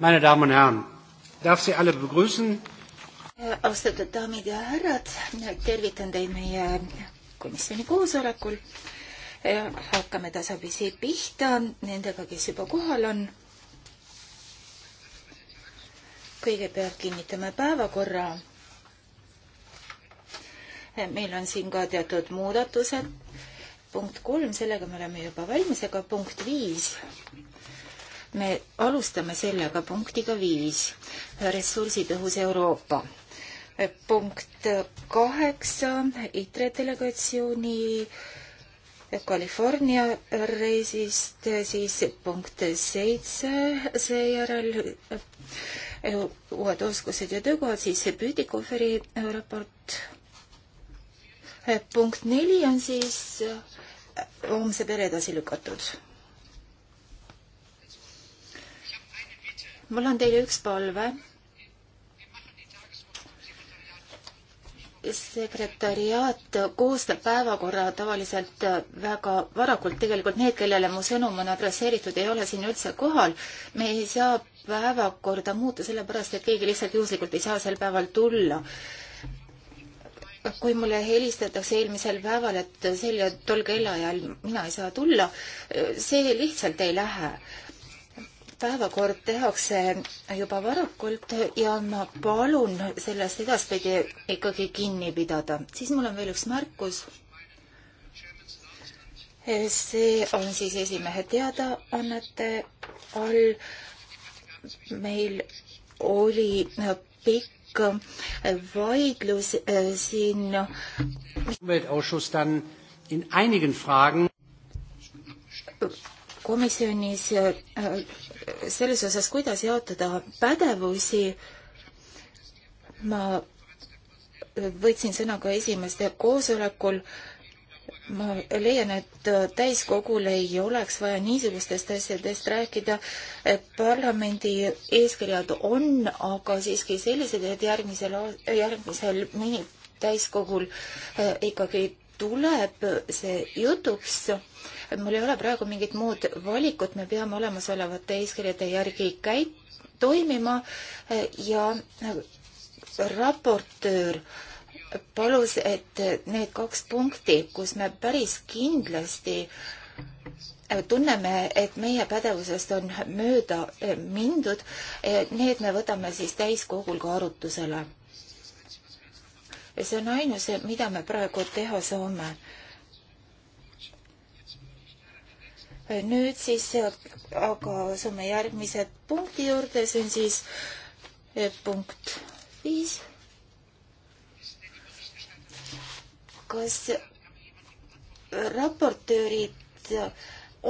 Meine Damen und Herren, darf Sie alle begrüßen. austatud daamid ja härrad, tervitan teid meie komisjoni koosolekul. hakkame tasapisi pihta nendega, kes juba kohal on. kõigepealt kinnitame päevakorra. meil on siin ka teatud muudatused. punkt kolm, sellega me oleme juba valmis, aga punkt viis me alustame sellega punktiga viis, ressursitõhus Euroopa. punkt kaheksa, ITRE delegatsiooni California reisist, siis punkt seitse, seejärel eh, uued oskused ja töökohad, siis Püüdikoferi raport. Eh, punkt neli on siis eh, homse pere edasi lükatud mul on teile üks palve. sekretariaat koostab päevakorra tavaliselt väga varakult, tegelikult need, kellele mu sõnum on adresseeritud, ei ole siin üldse kohal. me ei saa päevakorda muuta, sellepärast et keegi lihtsalt juhuslikult ei saa sel päeval tulla kui mulle helistatakse eelmisel päeval, et sel ja tol kellaajal mina ei saa tulla, see lihtsalt ei lähe päevakord tehakse juba varakult ja ma palun sellest edaspidi ikkagi kinni pidada. siis mul on veel üks märkus. see on siis esimehe teadaannete all. meil oli pikk vaidlus eh, siin. Umweltausschuss dann in einigen Fragen komisjonis eh, selles osas, kuidas jaotada pädevusi. ma võtsin sõna ka esimeste koosolekul. ma leian, et täiskogul ei oleks vaja niisugustest asjadest rääkida. parlamendi eeskirjad on aga siiski sellised, et järgmisel, järgmisel mini täiskogul äh, ikkagi tuleb see jutuks et mul ei ole praegu mingit muud valikut, me peame olemasolevate eeskirjade järgi käi-, toimima ja raportöör palus, et need kaks punkti, kus me päris kindlasti tunneme, et meie pädevusest on mööda mindud, need me võtame siis täiskogul ka arutusele. see on ainus, mida me praegu teha saame nüüd siis aga asume järgmise punkti juurde, see on siis eh, punkt viis. kas raportöörid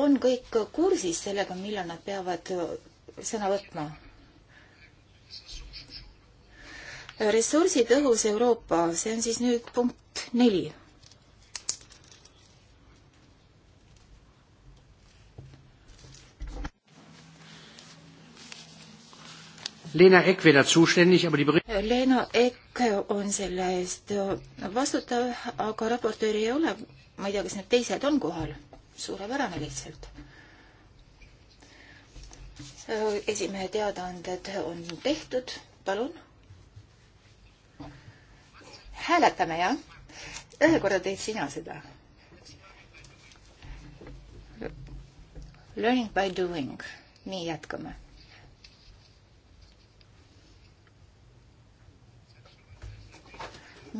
on kõik kursis sellega, millal nad peavad eh, sõna võtma? ressursitõhus Euroopa, see on siis nüüd punkt neli Lena Eck wäre da zuständig, aber die Bericht... Lena Eck on selle eest vastutav, aga raportööri ei ole. ma ei tea, kas need teised on kohal. suurepärane lihtsalt. esimehe teadaanded on tehtud, palun. hääletame, jah? ühe korra teed sina seda. Learning by doing. nii, jätkame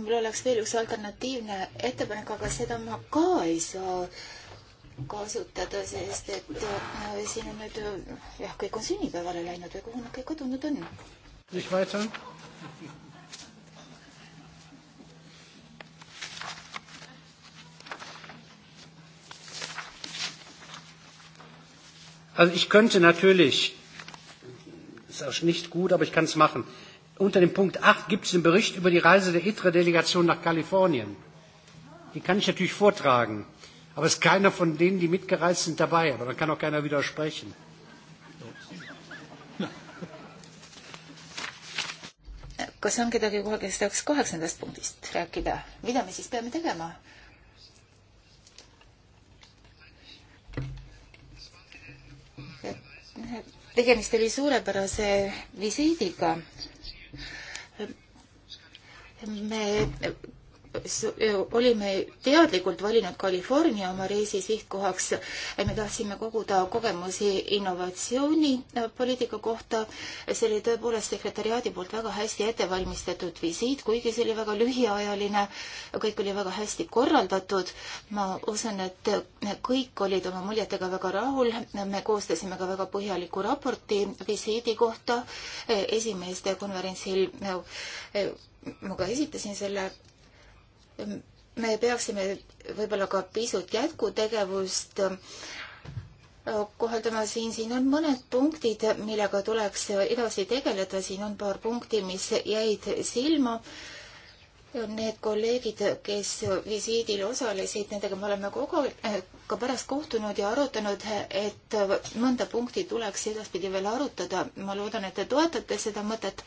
mul oleks veel üks alternatiivne ettepanek, aga seda ma ka ei saa kasutada, sest et no, äh, siin on nüüd äh, jah, kõik on sünnipäevale läinud või kuhu nad kõik kadunud on. mis ma ütlen? Also ich könnte natürlich, ist auch nicht gut, aber ich kann es machen unter dem Punkt 8 gibt es einen Bericht über die Reise der ITRE-Delegation nach Kalifornien. Die kann ich natürlich vortragen. Aber es ist keiner von denen, die mitgereist sind, dabei. Aber dann kann auch keiner widersprechen. kas on kedagi kohal, kes tahaks kaheksandast punktist rääkida, mida me siis peame tegema? tegemist oli suurepärase visiidiga me olime teadlikult valinud California oma reisi sihtkohaks. me tahtsime koguda kogemusi innovatsioonipoliitika kohta. see oli tõepoolest sekretäriaadi poolt väga hästi ettevalmistatud visiit, kuigi see oli väga lühiajaline. kõik oli väga hästi korraldatud. ma usun, et kõik olid oma muljetega väga rahul. me koostasime ka väga põhjaliku raporti visiidi kohta esimeeste konverentsil ma ka esitasin selle me peaksime võib-olla ka pisut jätkutegevust äh, kohaldama siin, siin on mõned punktid, millega tuleks edasi tegeleda, siin on paar punkti, mis jäid silma. Need kolleegid, kes visiidil osalesid, nendega me oleme kogu, äh, ka pärast kohtunud ja arutanud, et mõnda punkti tuleks edaspidi veel arutada. ma loodan, et te toetate seda mõtet.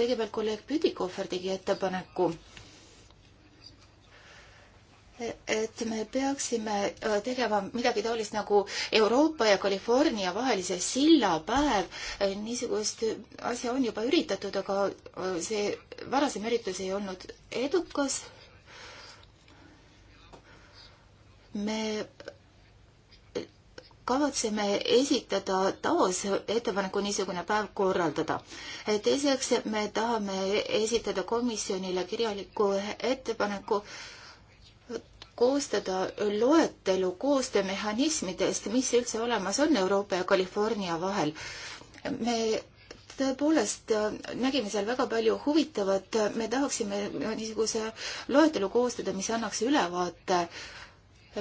kõigepealt kolleeg Püdikohver tegi ettepaneku et me peaksime äh, tegema midagi taolist nagu Euroopa ja California vahelise sillapäev. Äh, niisugust asja on juba üritatud, aga äh, see varasem üritus ei olnud edukas. me kavatseme esitada taas ettepaneku niisugune päev korraldada. teiseks, me tahame esitada komisjonile kirjaliku ettepaneku äh, koostada loetelu koostöömehhanismidest, mis üldse olemas on Euroopa ja California vahel. me tõepoolest äh, nägime seal väga palju huvitavat, me tahaksime niisuguse loetelu koostada, mis annaks ülevaate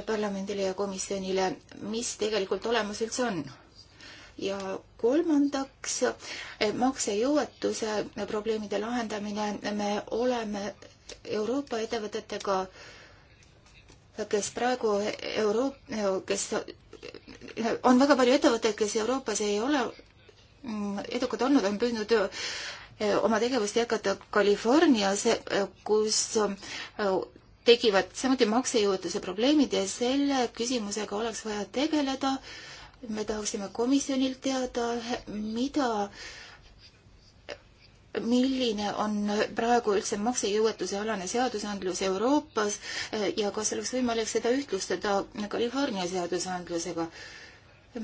parlamendile ja komisjonile, mis tegelikult olemas üldse on. ja kolmandaks, äh, maksejõuetuse probleemide lahendamine, me oleme Euroopa ettevõtetega äh, kes praegu Euroop-, kes on väga palju ettevõtteid, kes Euroopas ei ole mm, edukad olnud, on püüdnud eh, oma tegevust jätkata Californias, eh, kus eh, tekivad samuti maksejõuetuse probleemid ja selle küsimusega oleks vaja tegeleda. me tahaksime komisjonilt teada, mida äh, milline on praegu üldse maksejõuetuse alane seadusandlus Euroopas eh, ja kas oleks võimalik seda ühtlustada California seadusandlusega.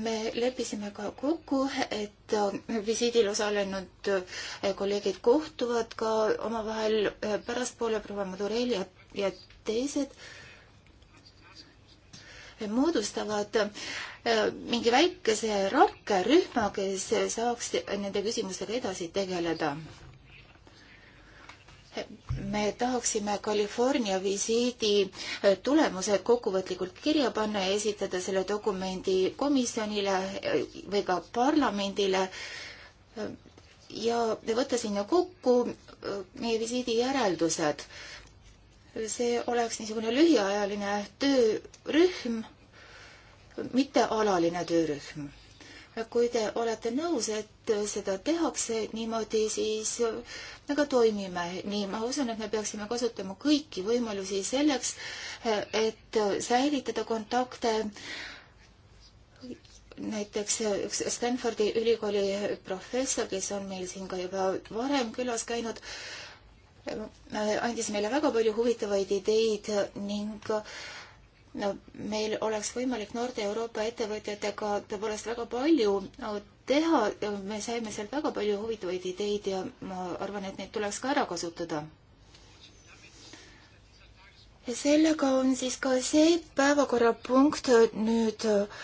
me leppisime ka kokku, et eh, visiidil osalenud eh, kolleegid kohtuvad ka omavahel pärastpoole proua Madureli ja, ja teised moodustavad äh, mingi väikese rakkerühma, kes saaks nende küsimustega edasi tegeleda. me tahaksime California visiidi äh, tulemused kokkuvõtlikult kirja panna ja esitada selle dokumendi komisjonile äh, või ka parlamendile ja võtta sinna kokku meie visiidi järeldused see oleks niisugune lühiajaline töörühm, mittealaline töörühm. kui te olete nõus, et seda tehakse niimoodi, siis me ka toimime nii. ma usun, et me peaksime kasutama kõiki võimalusi selleks, et säilitada kontakte näiteks üks Stanfordi ülikooli professor, kes on meil siin ka juba varem külas käinud, andis meile väga palju huvitavaid ideid ning no meil oleks võimalik noorte Euroopa ettevõtjatega tõepoolest väga palju teha, me saime sealt väga palju huvitavaid ideid ja ma arvan, et neid tuleks ka ära kasutada. ja sellega on siis ka see päevakorrapunkt nüüd äh,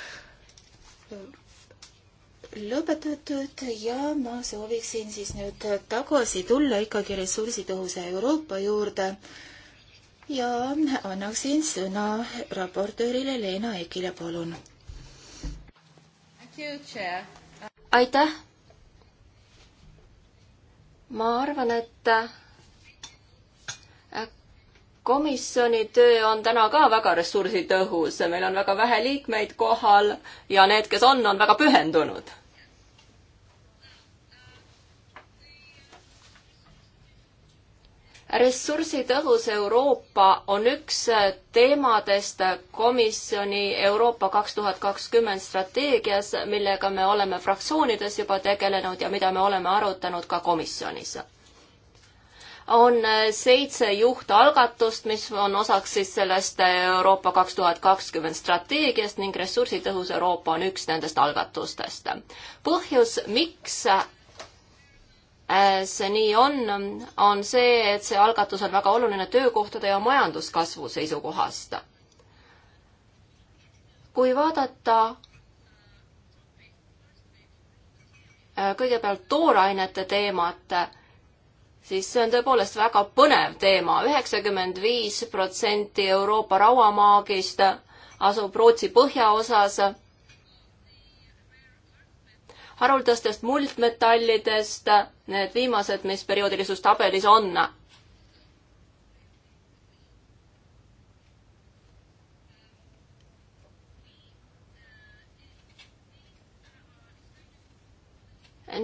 lõpetatud ja ma sooviksin siis nüüd tagasi tulla ikkagi ressursitõhusa Euroopa juurde ja annaksin sõna raportöörile Leena Ekile, palun. aitäh. ma arvan, et äh, komisjoni töö on täna ka väga ressursitõhus, meil on väga vähe liikmeid kohal ja need, kes on, on väga pühendunud ressursitõhus Euroopa on üks teemadest komisjoni Euroopa kaks tuhat kakskümmend strateegias, millega me oleme fraktsioonides juba tegelenud ja mida me oleme arutanud ka komisjonis. on seitse juhtalgatust, mis on osaks siis sellest Euroopa kaks tuhat kakskümmend strateegiast ning ressursitõhus Euroopa on üks nendest algatustest. põhjus, miks Äh, see nii on, on see, et see algatus on väga oluline töökohtade ja majanduskasvu seisukohast. kui vaadata äh, kõigepealt toorainete teemat, siis see on tõepoolest väga põnev teema. üheksakümmend viis protsenti Euroopa rauamaagist asub Rootsi põhjaosas haruldastest muldmetallidest, need viimased, mis perioodilisus tabelis on.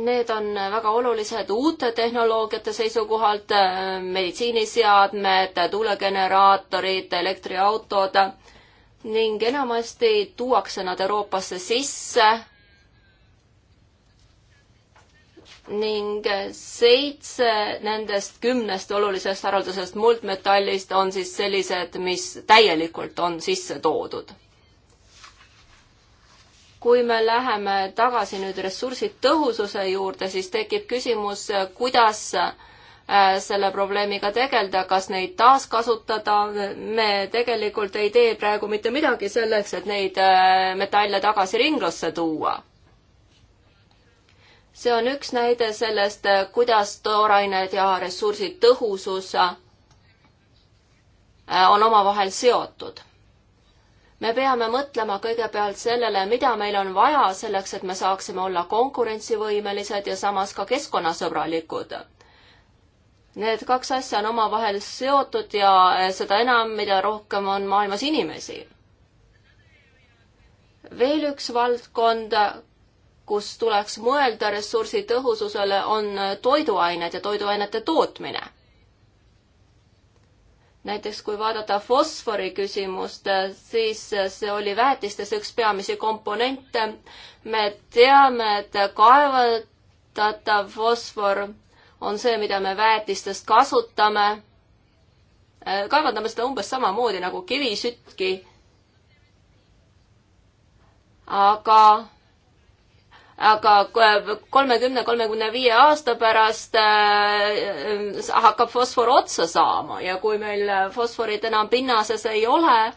Need on väga olulised uute tehnoloogiate seisukohalt, meditsiiniseadmed, tuulegeneraatorid, elektriautod ning enamasti tuuakse nad Euroopasse sisse ning seitse nendest kümnest olulisest haruldasest muldmetallist on siis sellised, mis täielikult on sisse toodud. kui me läheme tagasi nüüd ressursi tõhususe juurde, siis tekib küsimus, kuidas äh, selle probleemiga tegeleda, kas neid taaskasutada, me tegelikult ei tee praegu mitte midagi selleks, et neid äh, metalle tagasi ringlusse tuua see on üks näide sellest, kuidas toorained ja ressursi tõhusus äh, on omavahel seotud. me peame mõtlema kõigepealt sellele, mida meil on vaja selleks, et me saaksime olla konkurentsivõimelised ja samas ka keskkonnasõbralikud. Need kaks asja on omavahel seotud ja äh, seda enam, mida rohkem on maailmas inimesi. veel üks valdkond, kus tuleks mõelda ressursi tõhususele, on toiduained ja toiduainete tootmine. näiteks kui vaadata fosfori küsimust, siis see oli väetistes üks peamisi komponente. me teame, et kaevatatav fosfor on see, mida me väetistest kasutame. kaevandame seda umbes samamoodi nagu kivisüttki. aga aga kolmekümne, kolmekümne viie aasta pärast äh, hakkab fosfor otsa saama ja kui meil fosforit enam pinnases ei ole,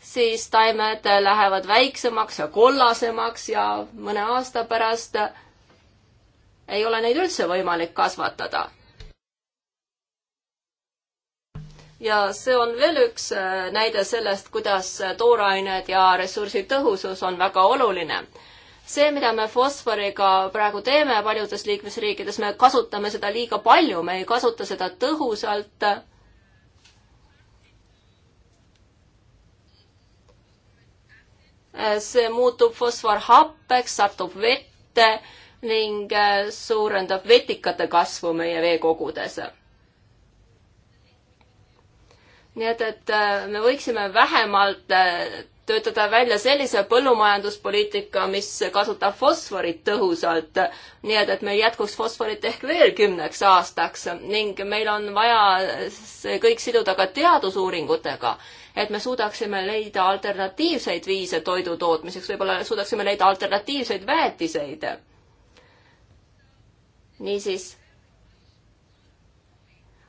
siis taimed lähevad väiksemaks ja kollasemaks ja mõne aasta pärast ei ole neid üldse võimalik kasvatada. ja see on veel üks äh, näide sellest, kuidas toorained ja ressursitõhusus on väga oluline see, mida me fosforiga praegu teeme paljudes liikmesriikides, me kasutame seda liiga palju, me ei kasuta seda tõhusalt. see muutub fosforhappeks, satub vette ning suurendab vetikate kasvu meie veekogudes nii et, et me võiksime vähemalt töötada välja sellise põllumajanduspoliitika, mis kasutab fosforit tõhusalt, nii et, et meil jätkuks fosforit ehk veel kümneks aastaks ning meil on vaja see kõik siduda ka teadusuuringutega, et me suudaksime leida alternatiivseid viise toidu tootmiseks, võib-olla suudaksime leida alternatiivseid väetiseid. niisiis,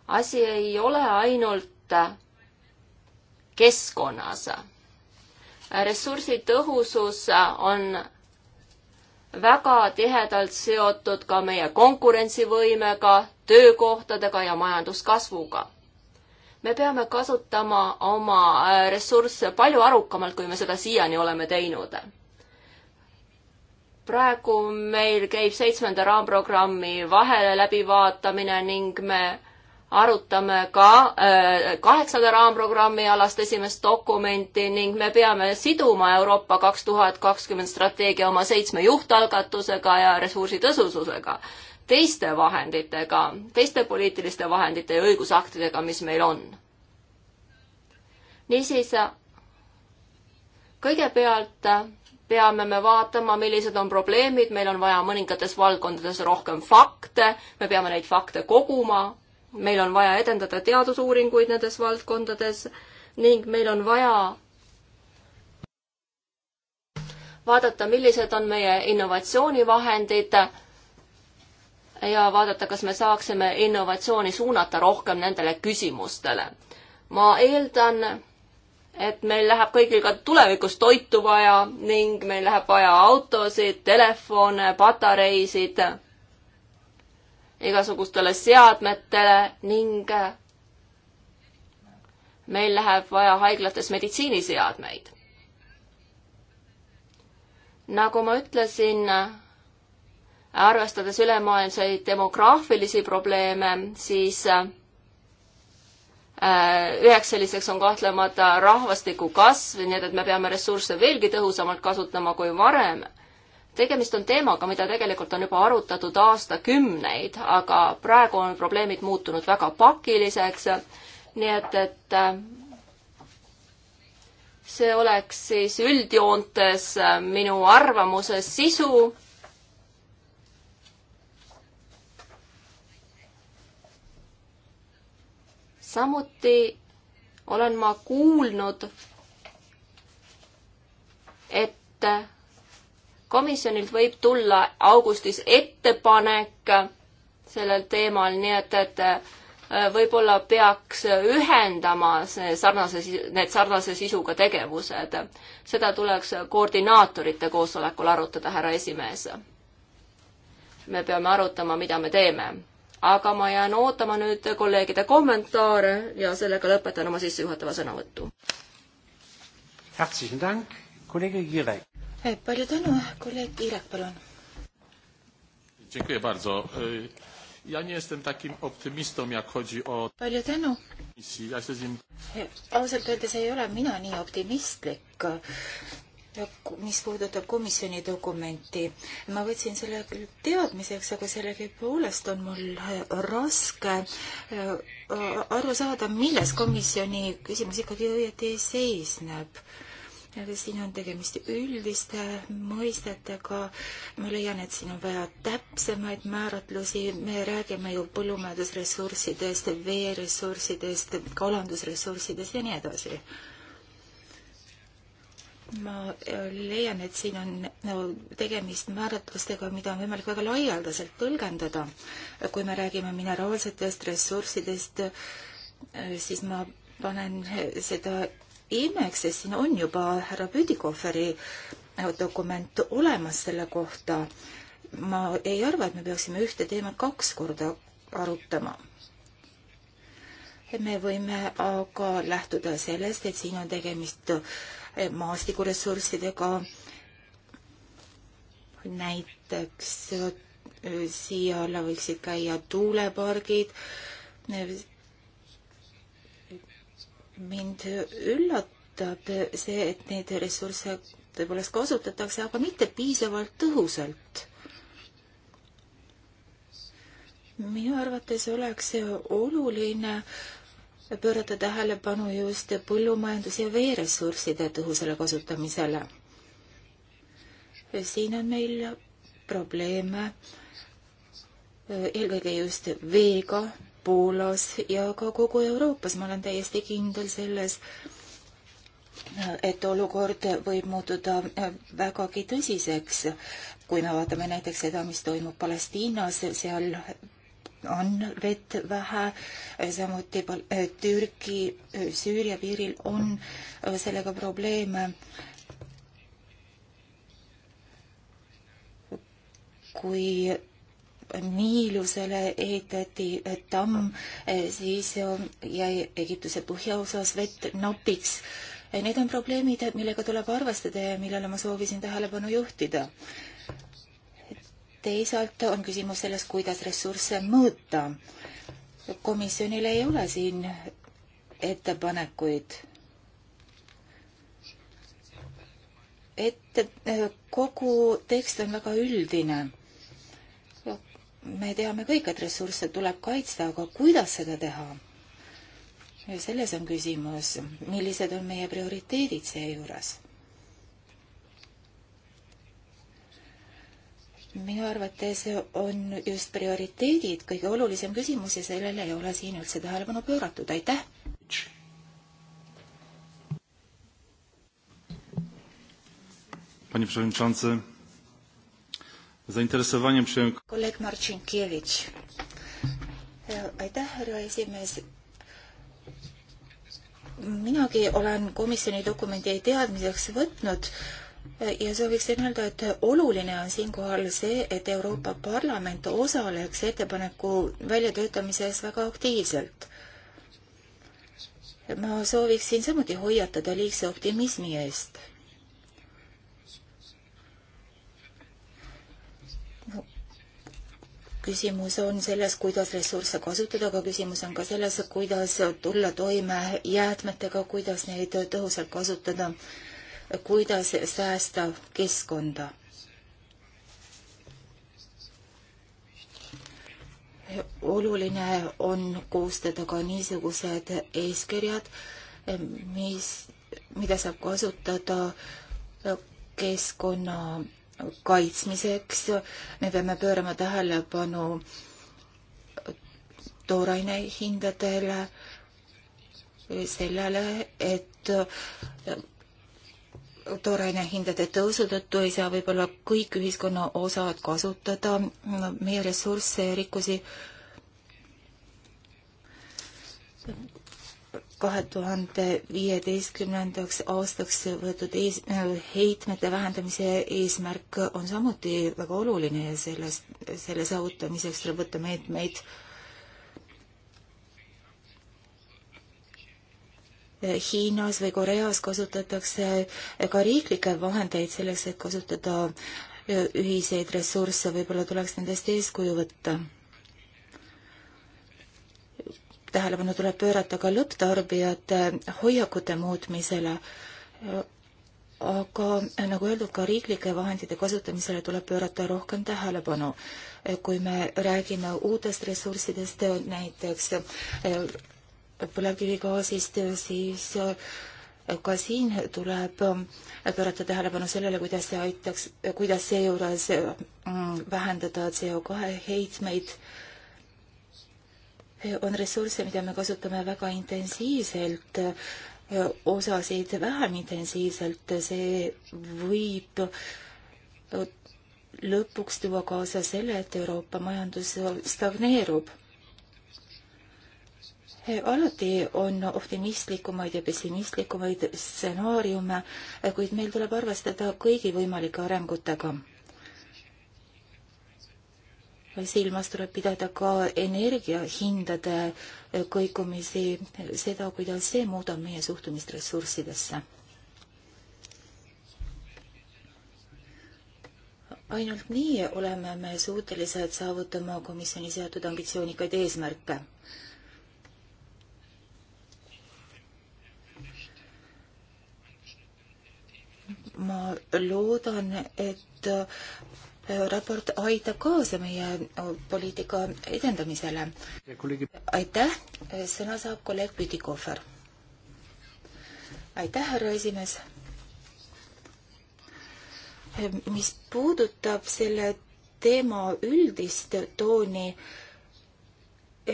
asi ei ole ainult keskkonnas ressursitõhusus on väga tihedalt seotud ka meie konkurentsivõimega, töökohtadega ja majanduskasvuga. me peame kasutama oma äh, ressursse palju arukamalt, kui me seda siiani oleme teinud. praegu meil käib seitsmenda raamprogrammi vahele läbivaatamine ning me arutame ka äh, kaheksanda raamprogrammi alast esimest dokumenti ning me peame siduma Euroopa kaks tuhat kakskümmend strateegia oma seitsme juhtalgatusega ja ressursi tõsususega, teiste vahenditega, teiste poliitiliste vahendite ja õigusaktidega, mis meil on. niisiis, kõigepealt peame me vaatama, millised on probleemid, meil on vaja mõningates valdkondades rohkem fakte, me peame neid fakte koguma, meil on vaja edendada teadusuuringuid nendes valdkondades ning meil on vaja vaadata, millised on meie innovatsioonivahendid ja vaadata, kas me saaksime innovatsiooni suunata rohkem nendele küsimustele. ma eeldan, et meil läheb kõigil ka tulevikus toitu vaja ning meil läheb vaja autosid, telefone, patareisid igasugustele seadmetele ning meil läheb vaja haiglates meditsiiniseadmeid. nagu ma ütlesin, arvestades ülemaailmseid demograafilisi probleeme, siis äh, üheks selliseks on kahtlemata rahvastiku kasv, nii et, et me peame ressursse veelgi tõhusamalt kasutama kui varem tegemist on teemaga, mida tegelikult on juba arutatud aastakümneid, aga praegu on probleemid muutunud väga pakiliseks. nii et, et äh, see oleks siis üldjoontes äh, minu arvamuse sisu. samuti olen ma kuulnud, et komisjonilt võib tulla augustis ettepanek sellel teemal, nii et, et äh, võib-olla peaks ühendama see sarnase, need sarnase sisuga tegevused. seda tuleks koordinaatorite koosolekul arutada, härra esimees. me peame arutama, mida me teeme. aga ma jään ootama nüüd kolleegide kommentaare ja sellega lõpetan oma sissejuhatava sõnavõttu. Herzlichen Dank, kolleeg Jirek. Eh, palju tänu, kolleeg Piirek, palun. Dziękuję bardzo. Ja nie jestem takim optymistą, jak chodzi o... Palju tänu. Ja się z nim... Eh, ausalt öeldes ei ole mina nii optimistlik, eh, mis puudutab komisjoni dokumenti. ma võtsin selle küll teadmiseks, aga sellegipoolest on mul raske aru saada, milles komisjoni küsimus ikkagi õieti seisneb siin on tegemist üldiste mõistetega, ma leian, et siin on vaja täpsemaid määratlusi, me räägime ju põllumajandusressurssidest, veeressurssidest, kalandusressurssidest ja nii edasi. ma leian, et siin on no, tegemist määratlustega, mida on võimalik väga laialdaselt tõlgendada. kui me räägime mineraalsetest ressurssidest, siis ma panen seda imeks, sest siin on juba härra Püdikoferi äh, dokument olemas selle kohta. ma ei arva, et me peaksime ühte teemat kaks korda arutama. me võime aga lähtuda sellest, et siin on tegemist äh, maastikuressurssidega, näiteks äh, siia alla võiksid käia tuulepargid, mind üllatab see, et neid ressursse tõepoolest kasutatakse, aga mitte piisavalt tõhusalt. minu arvates oleks oluline pöörata tähelepanu just põllumajandus- ja veeressursside tõhusale kasutamisele. siin on meil probleeme eelkõige just veega Poolas ja ka kogu Euroopas, ma olen täiesti kindel selles, et olukord võib muutuda äh, vägagi tõsiseks. kui me vaatame näiteks seda, mis toimub Palestiinas, seal on vett vähe, äh, samuti äh, Türgi, Süüria piiril on sellega probleeme. kui Niilusele ehitati tamm, eh, siis eh, jäi Egiptuse põhjaosas vett napiks. Eh, need on probleemid, millega tuleb arvestada ja millele ma soovisin tähelepanu juhtida. teisalt on küsimus selles, kuidas ressursse mõõta. komisjonil ei ole siin ettepanekuid et kogu tekst on väga üldine me teame kõik, et ressursse tuleb kaitsta, aga kuidas seda teha? ja selles on küsimus, millised on meie prioriteedid seejuures? minu arvates on just prioriteedid kõige olulisem küsimus ja sellele ei ole siin üldse tähelepanu pööratud, aitäh! Panie Przewodniczący, zainteresowaniem przyjąłem... Kolleeg Marcinkiewicz. E, aitäh, härra esimees. Minagi olen komisjoni dokumendi teadmiseks võtnud e, ja sooviksin öelda, et oluline on siinkohal see, et Euroopa Parlament osaleks ettepaneku väljatöötamises väga aktiivselt. ma sooviksin samuti hoiatada liigse optimismi eest küsimus on selles, kuidas ressursse kasutada, aga küsimus on ka selles, kuidas tulla toime jäätmetega, kuidas neid tõhusalt kasutada, kuidas säästa keskkonda. oluline on koostada ka niisugused eeskirjad, mis, mida saab kasutada keskkonna kaitsmiseks. me peame pöörama tähelepanu tooraine hindadele, sellele, et tooraine hindade tõusu tõttu ei saa võib-olla kõik ühiskonna osad kasutada meie ressursse ja rikkusi kahe tuhande viieteistkümnendaks aastaks võetud ees, äh, heitmete vähendamise eesmärk on samuti väga oluline ja selles, selle saavutamiseks tuleb võtta meetmeid meet. Hiinas või Koreas kasutatakse ka riiklikke vahendeid selleks, et kasutada ühiseid ressursse, võib-olla tuleks nendest eeskuju võtta tähelepanu tuleb pöörata ka lõpptarbijate hoiakute muutmisele. aga nagu öeldud, ka riiklike vahendite kasutamisele tuleb pöörata rohkem tähelepanu. kui me räägime uutest ressurssidest, näiteks eh, põlevkivigaasist, siis eh, ka siin tuleb eh, pöörata tähelepanu sellele, kuidas see aitaks, kuidas seejuures mm, vähendada CO2 heitmeid on ressursse, mida me kasutame väga intensiivselt, osasid vähem intensiivselt, see võib lõpuks tuua kaasa selle, et Euroopa majandus stagneerub. alati on optimistlikumaid ja pessimistlikumaid stsenaariume, kuid meil tuleb arvestada kõigi võimalike arengutega silmas tuleb pidada ka energiahindade kõikumisi, seda, kuidas see muudab meie suhtumist ressurssidesse. ainult nii oleme me suutelised saavutama komisjoni seatud ambitsioonikaid eesmärke. ma loodan, et raport aitab kaasa meie poliitika edendamisele. aitäh, sõna saab kolleeg Pütikohver. aitäh, härra esimees. mis puudutab selle teema üldist tooni,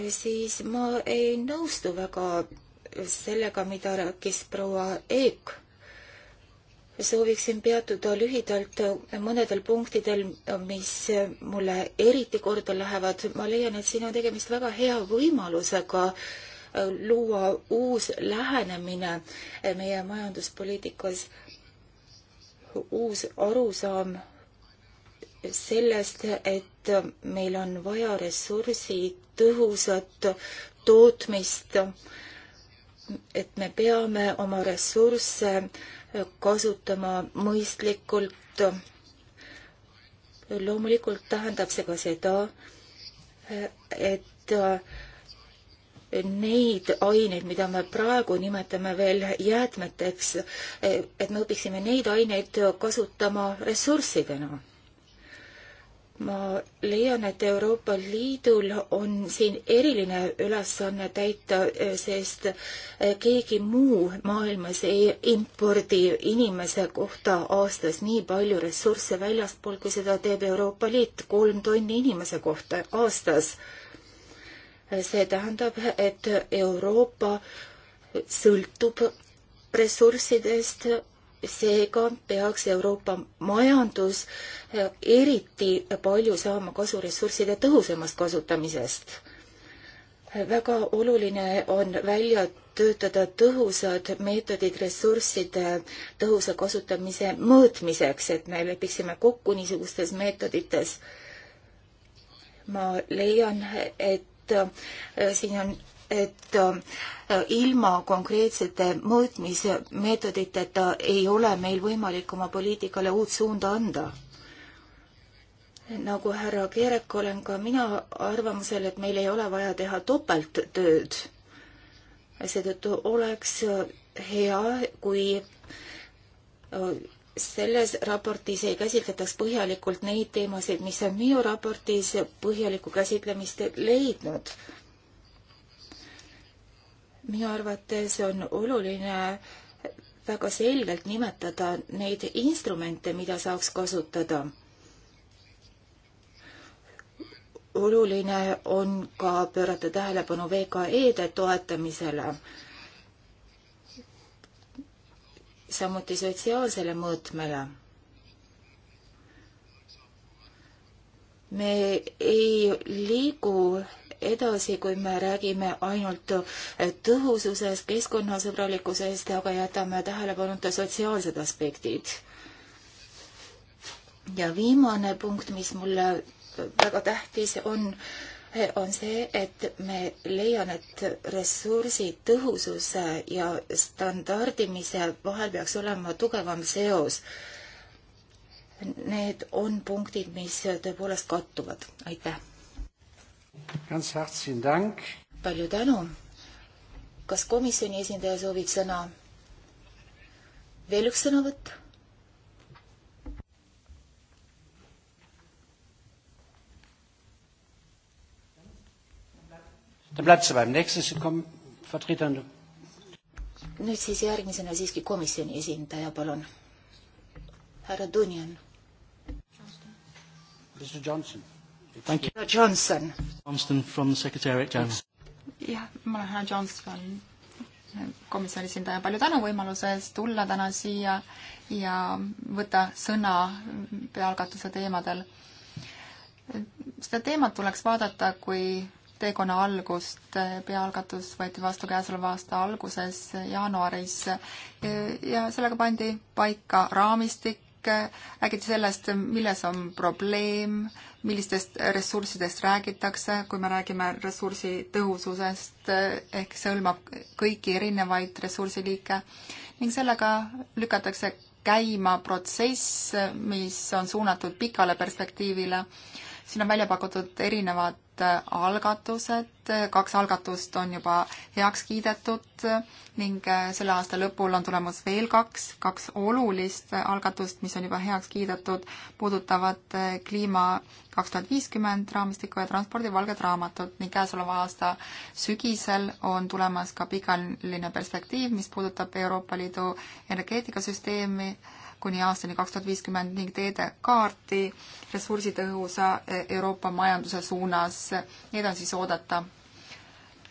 siis ma ei nõustu väga sellega, mida rääkis proua Eek sooviksin peatuda lühidalt mõnedel punktidel, mis mulle eriti korda lähevad. ma leian, et siin on tegemist väga hea võimalusega luua uus lähenemine meie majanduspoliitikas, uus arusaam sellest, et meil on vaja ressursi tõhusat tootmist, et me peame oma ressursse kasutama mõistlikult. loomulikult tähendab see ka seda, et neid aineid, mida me praegu nimetame veel jäätmeteks, et me õpiksime neid aineid kasutama ressurssidena ma leian, et Euroopa Liidul on siin eriline ülesanne täita, eh, sest eh, keegi muu maailmas ei impordi inimese kohta aastas nii palju ressursse väljaspool, kui seda teeb Euroopa Liit, kolm tonni inimese kohta aastas. Eh, see tähendab, et Euroopa sõltub ressurssidest seega peaks Euroopa majandus eh, eriti palju saama kasu ressursside tõhusamast kasutamisest. Eh, väga oluline on välja töötada tõhusad meetodid ressursside tõhusa kasutamise mõõtmiseks, et me lepiksime kokku niisugustes meetodites. ma leian, et eh, siin on et äh, ilma konkreetsete mõõtmismeetoditeta ei ole meil võimalik oma poliitikale uut suunda anda. nagu härra Kerek, olen ka mina arvamusel, et meil ei ole vaja teha topelttööd. seetõttu oleks äh, hea, kui äh, selles raportis ei käsitletaks põhjalikult neid teemasid, mis on minu raportis põhjalikku käsitlemist leidnud minu arvates on oluline väga selgelt nimetada neid instrumente, mida saaks kasutada. oluline on ka pöörata tähelepanu VKE-de toetamisele, samuti sotsiaalsele mõõtmele. me ei liigu edasi, kui me räägime ainult tõhususest, keskkonnasõbralikkusest, aga jätame tähelepanuta sotsiaalsed aspektid. ja viimane punkt, mis mulle väga tähtis on, on see, et me leian, et ressursi tõhususe ja standardimise vahel peaks olema tugevam seos. Need on punktid, mis tõepoolest kattuvad. aitäh! palju tänu. kas komisjoni esindaja soovib sõna? veel üks sõnavõtt? nüüd siis järgmisena siiski komisjoni esindaja, palun. härra Dunjan. Mr Johnson Thank you. Johnson. Johnston from the Secretariat General. jah, ma olen härra Johnston, komisjoni esindaja, palju tänu võimaluse eest tulla täna siia ja võtta sõna pealgatuse teemadel. seda teemat tuleks vaadata kui teekonna algust. peaalgatus võeti vastu käesoleva aasta alguses, jaanuaris ja sellega pandi paika raamistik, räägiti sellest, milles on probleem, millistest ressurssidest räägitakse, kui me räägime ressursi tõhususest, ehk see hõlmab kõiki erinevaid ressursiliike ning sellega lükatakse käima protsess, mis on suunatud pikale perspektiivile. siin on välja pakutud erinevad algatused, kaks algatust on juba heaks kiidetud ning selle aasta lõpul on tulemas veel kaks, kaks olulist algatust, mis on juba heaks kiidetud, puudutavad kliima kaks tuhat viiskümmend raamistikku ja transpordi valget raamatut ning käesoleva aasta sügisel on tulemas ka pikaline perspektiiv, mis puudutab Euroopa Liidu energeetikasüsteemi kuni aastani kaks tuhat viiskümmend ning teede kaarti ressursitõhusa Euroopa majanduse suunas need on siis oodata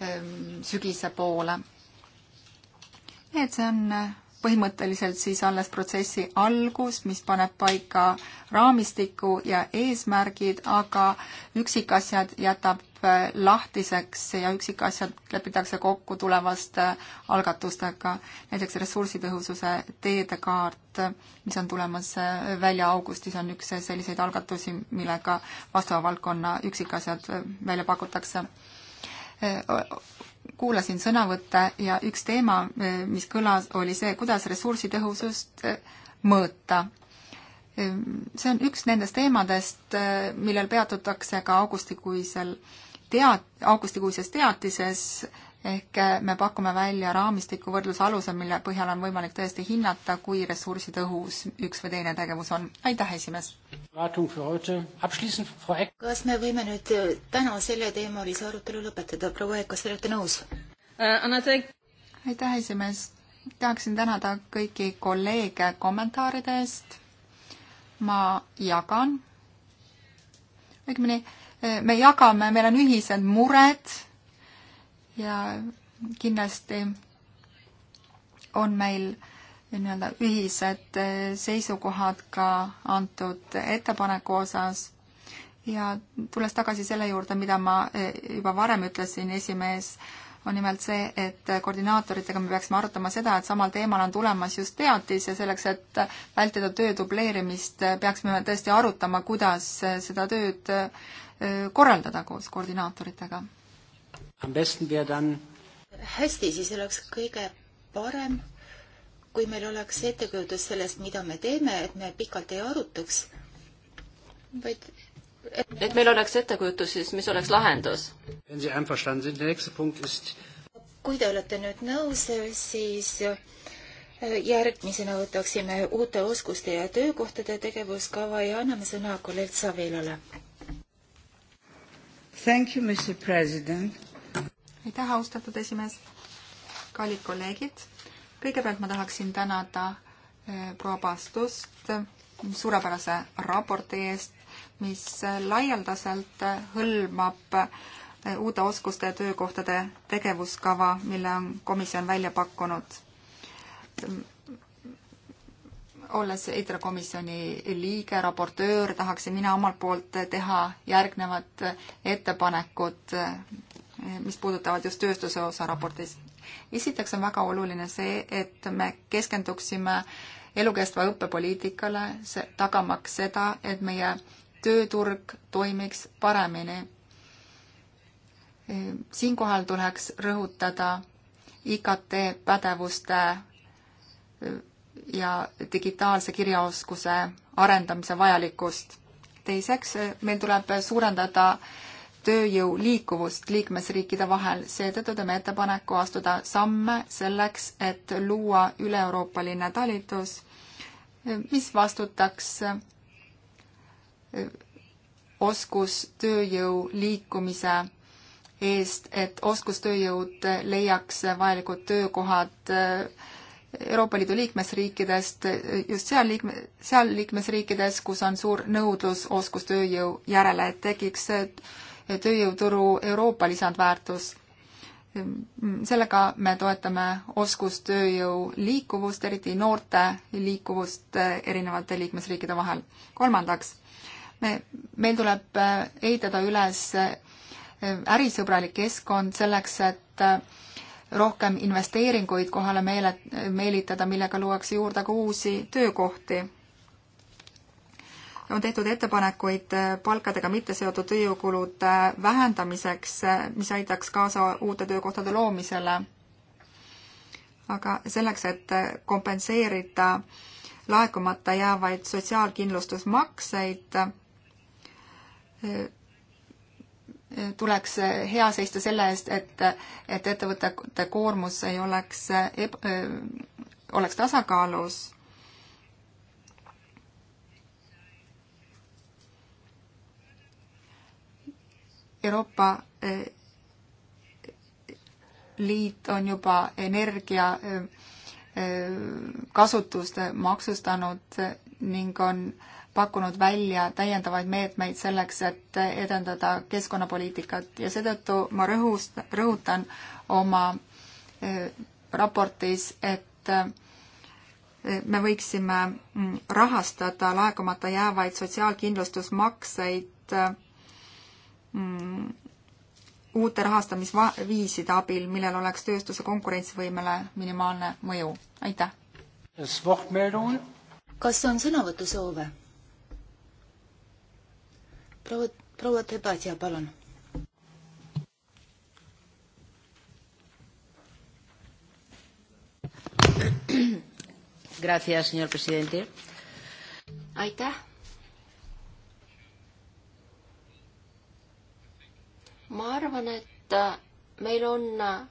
ähm, sügise poole. nii et see on äh, põhimõtteliselt siis alles protsessi algus, mis paneb paika raamistiku ja eesmärgid, aga üksikasjad jätab jääb äh, lahtiseks ja üksikasjad lepitakse kokku tulevaste äh, algatustega, näiteks ressursitõhususe teedekaart, mis on tulemas äh, välja augustis, on üks selliseid algatusi, millega vastava valdkonna üksikasjad välja pakutakse. kuulasin sõnavõtte ja üks teema, mis kõlas, oli see, kuidas ressursitõhusust mõõta see on üks nendest teemadest, millel peatutakse ka augustikuisel teat-, augustikuises teatises ehk äh, me pakume välja raamistiku võrdlusaluse, mille põhjal on võimalik tõesti hinnata, kui ressursitõhus üks või teine tegevus on. aitäh, esimees! kas me võime nüüd äh, täna selleteemalise arutelu lõpetada, proua Eek, kas te olete nõus? Äh, aitäh, esimees! tahaksin tänada kõiki kolleege kommentaaride eest. ma jagan, õigemini me jagame, meil on ühised mured ja kindlasti on meil nii-öelda ühised eh, seisukohad ka antud ettepaneku osas ja tulles tagasi selle juurde, mida ma eh, juba varem ütlesin, esimees, on nimelt see, et koordinaatoritega me peaksime arutama seda, et samal teemal on tulemas just teatis ja selleks, et vältida töö dubleerimist, peaksime tõesti arutama, kuidas seda tööd korraldada koos koordinaatoritega. hästi, siis oleks kõige parem, kui meil oleks ettekujutus sellest, mida me teeme, et me pikalt ei arutaks, vaid et, et meil oleks ettekujutus siis, mis oleks lahendus. kui te olete nüüd nõus, siis äh, järgmisena võtaksime uute oskuste ja töökohtade tegevuskava ja anname sõna kolleeg Savilale aitäh, austatud esimees! kallid kolleegid, kõigepealt ma tahaksin tänada eh, proua Pastust eh, suurepärase raporti eest, mis laialdaselt eh, hõlmab uute oskuste ja töökohtade tegevuskava, mille on komisjon välja pakkunud olles EITRA komisjoni liige, raportöör, tahaksin mina omalt poolt teha järgnevad ettepanekud, mis puudutavad just tööstuse osa raportis. esiteks on väga oluline see, et me keskenduksime elukestva õppepoliitikale, see tagamaks seda, et meie tööturg toimiks paremini. siinkohal tuleks rõhutada IKT pädevuste ja digitaalse kirjaoskuse arendamise vajalikkust. teiseks, meil tuleb suurendada tööjõu liikuvust liikmesriikide vahel, seetõttu teeme ettepaneku astuda samme selleks, et luua üle-euroopaline talitus, mis vastutaks eh, oskustööjõu liikumise eest, et oskustööjõud leiaks vajalikud töökohad äh, Euroopa Liidu liikmesriikidest, just seal liikme, seal liikmesriikides, kus on suur nõudlus oskustööjõu järele, et tekiks tööjõuturu Euroopa lisandväärtus. sellega me toetame oskustööjõu liikuvust, eriti noorte liikuvust erinevate liikmesriikide vahel. kolmandaks, me, meil tuleb ehitada üles ärisõbralik keskkond selleks, et rohkem investeeringuid kohale meele, meelitada, millega luuakse juurde ka uusi töökohti. on tehtud ettepanekuid äh, palkadega mitte seotud tööjõukulude vähendamiseks, äh, mis aitaks kaasa uute töökohtade loomisele. aga selleks, et äh, kompenseerida laekumata jäävaid sotsiaalkindlustusmakseid, tuleks hea seista selle eest, et, et ettevõtete koormus ei oleks, oleks tasakaalus. Euroopa Liit on juba energia kasutust maksustanud ning on äh, pakkunud välja täiendavaid meetmeid selleks, et edendada keskkonnapoliitikat ja seetõttu ma rõhust, rõhutan oma eh, raportis, et eh, me võiksime mm, rahastada laekumata jäävaid sotsiaalkindlustusmakseid eh, mm, uute rahastamisviiside abil, millel oleks tööstuse konkurentsivõimele minimaalne mõju. aitäh! kas on sõnavõtusoove? proua, proua Tebasia, palun. Gracias, señor presidente. aitäh. ma arvan, et äh, meil on äh,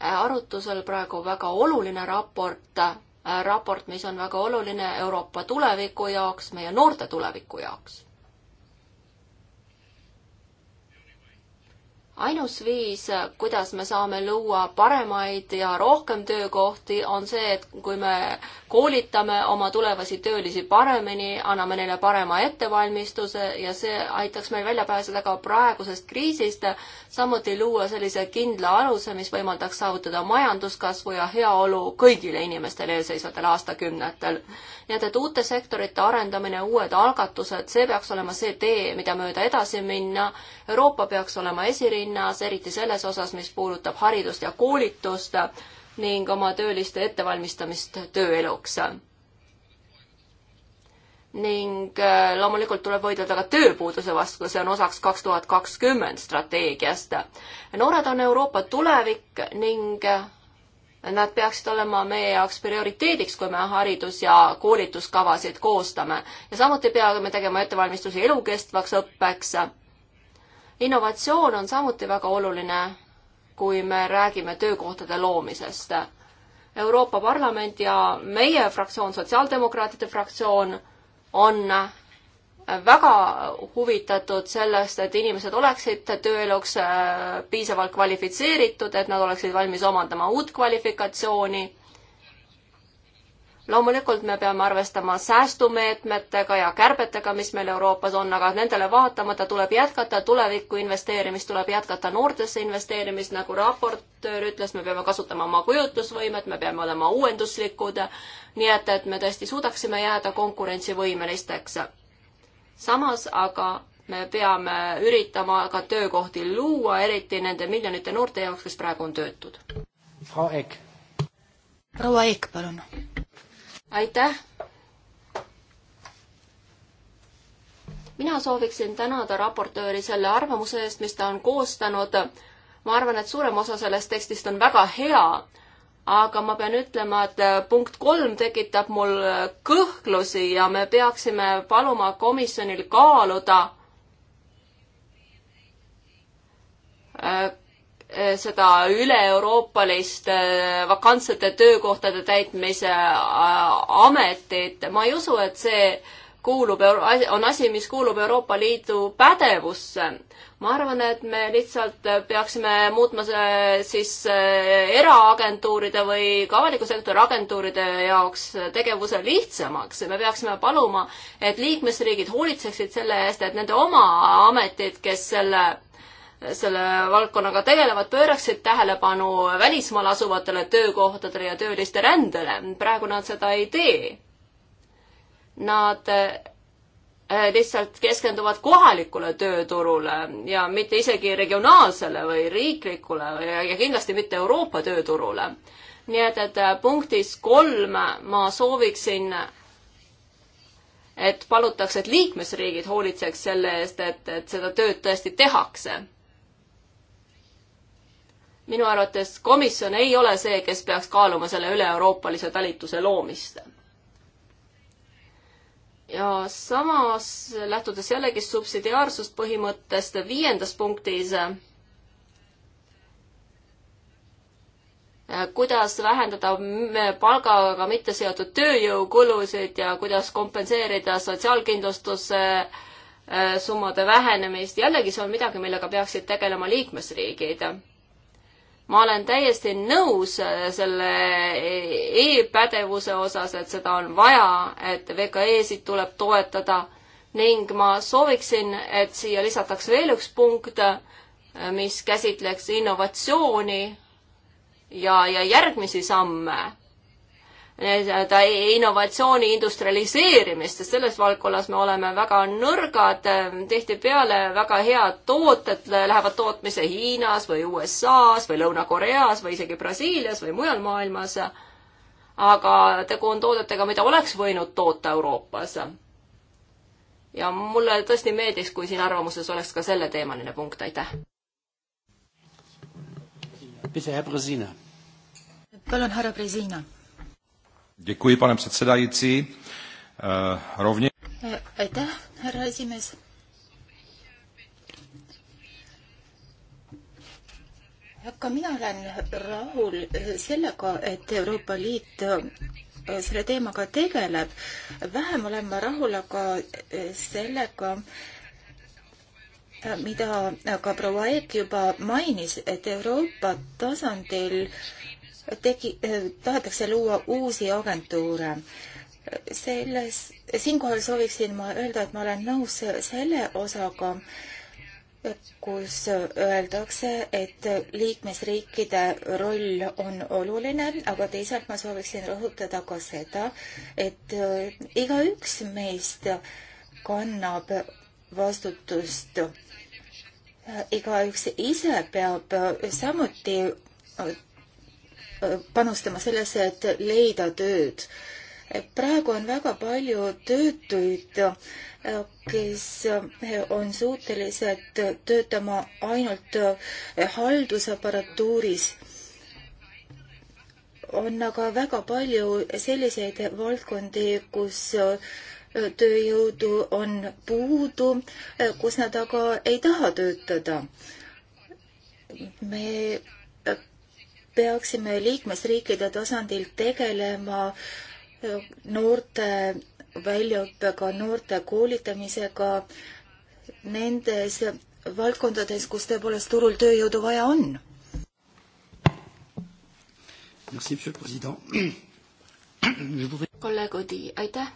arutusel praegu väga oluline raport, äh, raport, mis on väga oluline Euroopa tuleviku jaoks, meie noorte tuleviku jaoks. ainus viis, kuidas me saame luua paremaid ja rohkem töökohti, on see, et kui me koolitame oma tulevasi töölisi paremini, anname neile parema ettevalmistuse ja see aitaks meil välja pääseda ka praegusest kriisist, samuti luua sellise kindla aluse, mis võimaldaks saavutada majanduskasvu ja heaolu kõigile inimestele eelseisvatel aastakümnetel. nii et, et uute sektorite arendamine, uued algatused, see peaks olema see tee, mida mööda edasi minna. Euroopa peaks olema esirinnas linnas, eriti selles osas, mis puudutab haridust ja koolitust ning oma tööliste ettevalmistamist tööeluks. ning äh, loomulikult tuleb võidelda ka tööpuuduse vastu, see on osaks kaks tuhat kakskümmend strateegiast. noored on Euroopa tulevik ning äh, Nad peaksid olema meie jaoks prioriteediks, kui me haridus- ja koolituskavasid koostame ja samuti peame tegema ettevalmistusi elukestvaks õppeks innovatsioon on samuti väga oluline, kui me räägime töökohtade loomisest. Euroopa Parlament ja meie fraktsioon, Sotsiaaldemokraatide fraktsioon, on väga huvitatud sellest, et inimesed oleksid tööeluks äh, piisavalt kvalifitseeritud, et nad oleksid valmis omandama uut kvalifikatsiooni loomulikult me peame arvestama säästumeetmetega ja kärbetega, mis meil Euroopas on, aga nendele vaatamata tuleb jätkata tulevikku investeerimist, tuleb jätkata noortesse investeerimist, nagu raportöör ütles, me peame kasutama oma kujutlusvõimet, me peame olema uuenduslikud, nii et, et me tõesti suudaksime jääda konkurentsivõimelisteks. samas aga me peame üritama ka töökohti luua, eriti nende miljonite noorte jaoks, kes praegu on töötud. proua Eek. proua Eek, palun aitäh! mina sooviksin tänada raportööri selle arvamuse eest, mis ta on koostanud. ma arvan, et suurem osa sellest tekstist on väga hea, aga ma pean ütlema, et punkt kolm tekitab mul kõhklusi ja me peaksime paluma komisjonil kaaluda Eh, seda üle-euroopalist eh, vakantsete töökohtade täitmise eh, ametit, ma ei usu, et see kuulub, on asi, mis kuulub Euroopa Liidu pädevusse. ma arvan, et me lihtsalt peaksime muutma siis eraagentuuride või ka avaliku sektori agentuuride jaoks tegevuse lihtsamaks. me peaksime paluma, et liikmesriigid hoolitseksid selle eest, et nende oma ametid, kes selle selle valdkonnaga tegelevad, pööraksid tähelepanu välismaal asuvatele töökohtadele ja tööliste rändele. praegu nad seda ei tee. Nad äh, lihtsalt keskenduvad kohalikule tööturule ja mitte isegi regionaalsele või riiklikule ja kindlasti mitte Euroopa tööturule. nii et, et äh, punktis kolm ma sooviksin et palutakse, et liikmesriigid hoolitseks selle eest, et, et seda tööd tõesti tehakse minu arvates komisjon ei ole see, kes peaks kaaluma selle üle-euroopalise talituse loomist. ja samas, lähtudes jällegi subsidiaarsust põhimõttest, viiendas punktis kuidas vähendada palgaga mitte seotud tööjõukulusid ja kuidas kompenseerida sotsiaalkindlustuse eh, summade vähenemist, jällegi see on midagi, millega peaksid tegelema liikmesriigid ma olen täiesti nõus äh, selle e-pädevuse osas, et seda on vaja, et VKE-sid tuleb toetada ning ma sooviksin, et siia lisataks veel üks punkt, äh, mis käsitleks innovatsiooni ja, ja järgmisi samme nii-öelda innovatsiooni industrialiseerimist, sest selles valdkonnas me oleme väga nõrgad, tihtipeale väga head tooted lähevad tootmise Hiinas või USA-s või Lõuna-Koreas või isegi Brasiilias või mujal maailmas. aga tegu on toodetega, mida oleks võinud toota Euroopas. ja mulle tõesti meeldiks, kui siin arvamuses oleks ka selleteemaline punkt, aitäh. palun, härra Brezina Děkuji, pane předsedající. Eh, rovně... Eh, aitäh, härra esimees. ka mina olen rahul sellega, et Euroopa Liit eh, selle teemaga tegeleb. vähem olen ma rahul aga sellega, mida ka proua Eek juba mainis, et Euroopa tasandil tegi, äh, tahetakse luua uusi agentuure. selles, siinkohal sooviksin ma öelda, et ma olen nõus selle osaga, kus öeldakse, et liikmesriikide roll on oluline, aga teisalt ma sooviksin rõhutada ka seda, et äh, igaüks meist kannab vastutust. igaüks ise peab samuti panustama sellesse, et leida tööd. praegu on väga palju töötuid, kes on suutelised töötama ainult haldusapparatuuris. on aga väga palju selliseid valdkondi, kus tööjõudu on puudu, kus nad aga ei taha töötada. me peaksime liikmesriikide tasandil tegelema äh, noorte väljaõppega, noorte koolitamisega nendes valdkondades, kus tõepoolest turul tööjõudu vaja on. kolleeg Odi, aitäh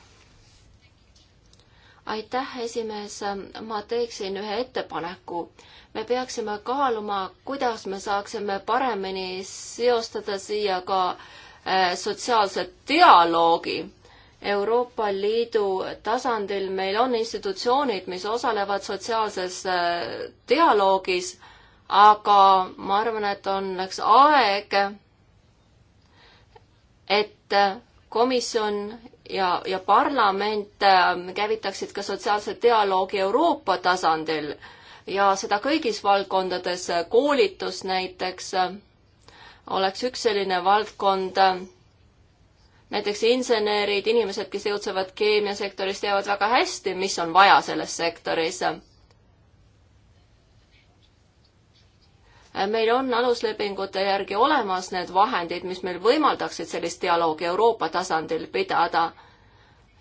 aitäh, esimees, ma teeksin ühe ettepaneku. me peaksime kaaluma, kuidas me saaksime paremini seostada siia ka äh, sotsiaalse dialoogi Euroopa Liidu tasandil meil on institutsioonid, mis osalevad sotsiaalses äh, dialoogis, aga ma arvan, et on üks aeg, et äh, komisjon ja, ja parlament ähm, käivitaksid ka sotsiaalse dialoogi Euroopa tasandil ja seda kõigis valdkondades, äh, koolitus näiteks äh, oleks üks selline valdkond, näiteks insenerid, inimesed, kes tegutsevad keemiasektoris, teavad väga hästi, mis on vaja selles sektoris meil on aluslepingute järgi olemas need vahendid, mis meil võimaldaksid sellist dialoogi Euroopa tasandil pidada.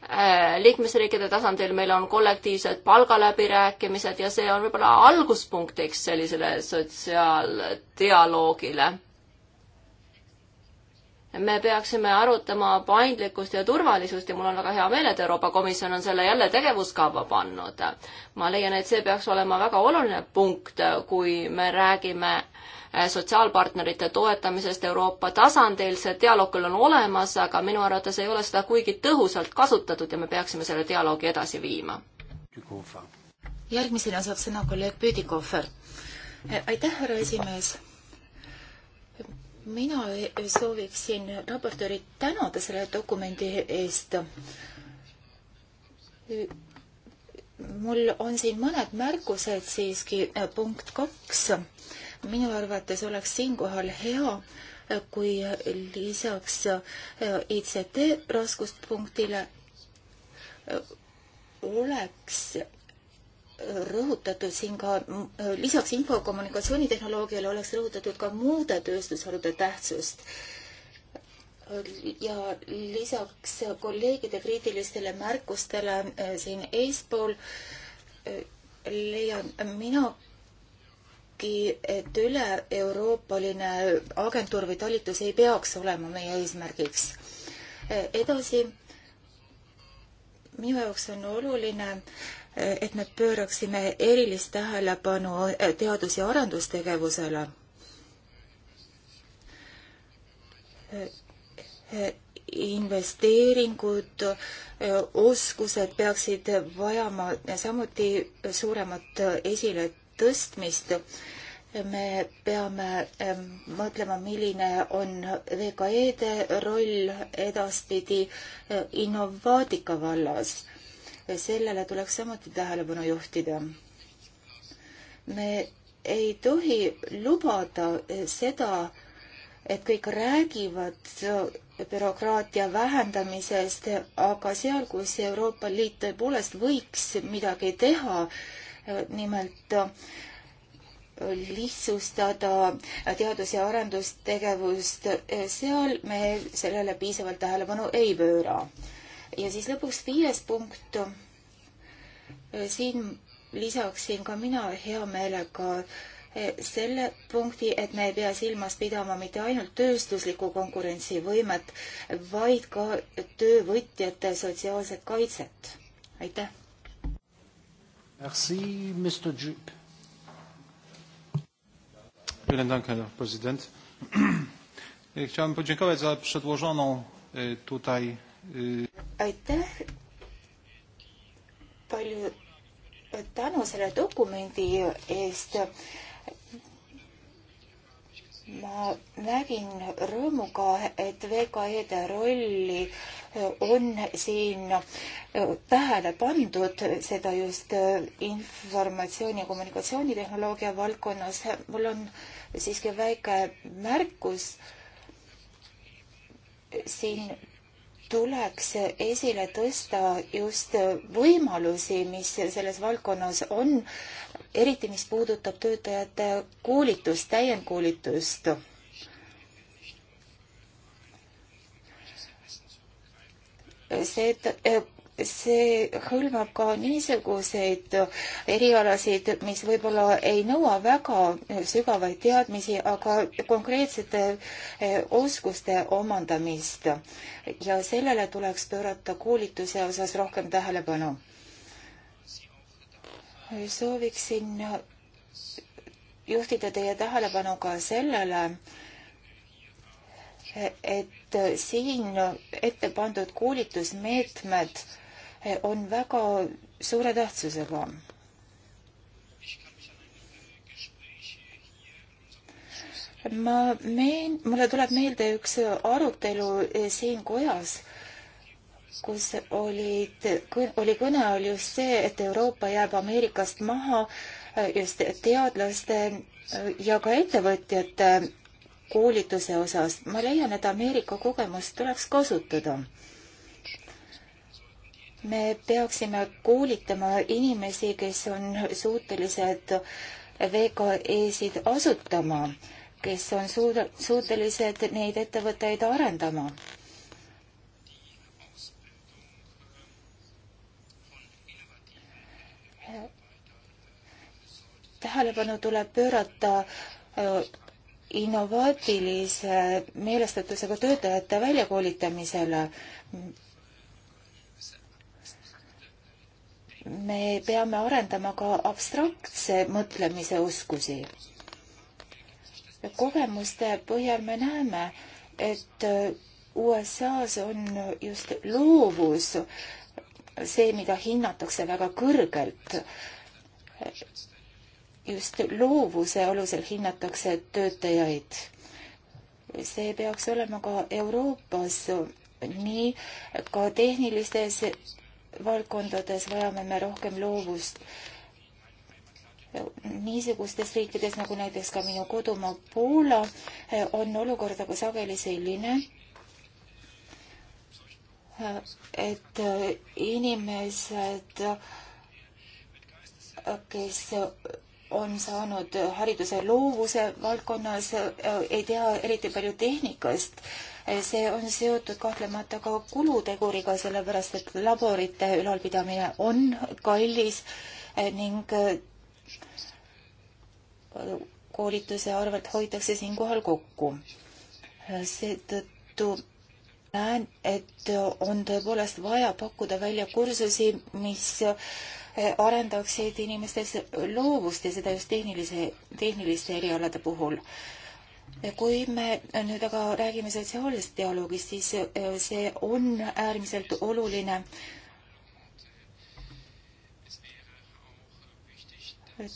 Äh, liikmesriikide tasandil meil on kollektiivsed palgaläbirääkimised ja see on võib-olla alguspunktiks sellisele sotsiaaldialoogile me peaksime arutama paindlikkust ja turvalisust ja mul on väga hea meel, et Euroopa Komisjon on selle jälle tegevuskava pannud. ma leian, et see peaks olema väga oluline punkt, kui me räägime eh, sotsiaalpartnerite toetamisest Euroopa tasandil, see dialoog küll on olemas, aga minu arvates ei ole seda kuigi tõhusalt kasutatud ja me peaksime selle dialoogi edasi viima. järgmisena saab sõna kolleeg Püüdikohver. aitäh, härra esimees mina e-, sooviksin raportööri tänada selle dokumendi eest. mul on siin mõned märkused siiski, e, punkt kaks. minu arvates oleks siinkohal hea, e, kui lisaks ICT raskuspunktile oleks rõhutatud siin ka, lisaks infokommunikatsioonitehnoloogiale oleks rõhutatud ka muude tööstusharude tähtsust. ja lisaks kolleegide kriitilistele märkustele eh, siin eespool eh, leian minagi, et üle-euroopaline agentuur või talitus ei peaks olema meie eesmärgiks. Eh, edasi, minu jaoks on oluline äh, et me pööraksime erilist tähelepanu teadus- ja arendustegevusele. investeeringud, oskused peaksid vajama samuti suuremat esiletõstmist. me peame mõtlema, milline on VKE-de roll edaspidi innovaatika vallas sellele tuleks samuti tähelepanu juhtida. me ei tohi lubada seda, et kõik räägivad bürokraatia vähendamisest, aga seal, kus Euroopa Liit tõepoolest võiks midagi teha, nimelt lihtsustada teadus- ja arendustegevust, seal me sellele piisavalt tähelepanu ei pööra ja siis lõpuks viies punkt. Äh, siin lisaksin ka mina hea meelega äh, selle punkti, et me ei pea silmas pidama mitte ainult tööstuslikku konkurentsivõimet, vaid ka töövõtjate sotsiaalset kaitset. aitäh. Merci, Mr Jupp. Vielen Dank, Herr Präsident. Chciałem podziękować za przedłożoną e, tutaj e, aitäh. palju tänu selle dokumendi eest. ma nägin rõõmuga, et VKE-de rolli on siin tähele pandud, seda just informatsiooni- ja kommunikatsioonitehnoloogia valdkonnas. mul on siiski väike märkus siin tuleks esile tõsta just võimalusi, mis selles valdkonnas on, eriti mis puudutab töötajate koolitust, täiendkoolitust. see see hõlmab ka niisuguseid erialasid, mis võib-olla ei nõua väga sügavaid teadmisi, aga konkreetsete eh, oskuste omandamist. ja sellele tuleks pöörata koolituse osas rohkem tähelepanu. sooviksin juhtida teie tähelepanu ka sellele, et siin ette pandud koolitusmeetmed on väga suure tähtsusega. ma meen-, mulle tuleb meelde üks arutelu eh, siin kojas, kus olid, oli kõne all just see, et Euroopa jääb Ameerikast maha eh, just teadlaste eh, ja ka ettevõtjate koolituse osas. ma leian, et Ameerika kogemust tuleks kasutada me peaksime koolitama inimesi, kes on suutelised VKE-sid asutama, kes on suud-, suutelised neid ettevõtteid arendama. tähelepanu tuleb pöörata äh, innovaatilise meelestatusega töötajate väljakoolitamisele me peame arendama ka abstraktse mõtlemise oskusi. kogemuste põhjal me näeme, et USA-s on just loovus see, mida hinnatakse väga kõrgelt. just loovuse alusel hinnatakse töötajaid. see peaks olema ka Euroopas nii, et ka tehnilistes valdkondades vajame me rohkem loovust. niisugustes riikides nagu näiteks ka minu kodumaa Poola eh, on olukord aga sageli selline, eh, et eh, inimesed, kes on saanud hariduse loovuse valdkonnas, ei tea eriti palju tehnikast. see on seotud kahtlemata ka kuluteguriga, sellepärast et laborite ülalpidamine on kallis ning koolituse arvelt hoitakse siinkohal kokku. seetõttu näen, et on tõepoolest vaja pakkuda välja kursusi, mis arendaksid inimestes loovust ja seda just tehnilise, tehniliste erialade puhul. kui me nüüd aga räägime sotsiaalsest dialoogist, siis äh, see on äärmiselt oluline.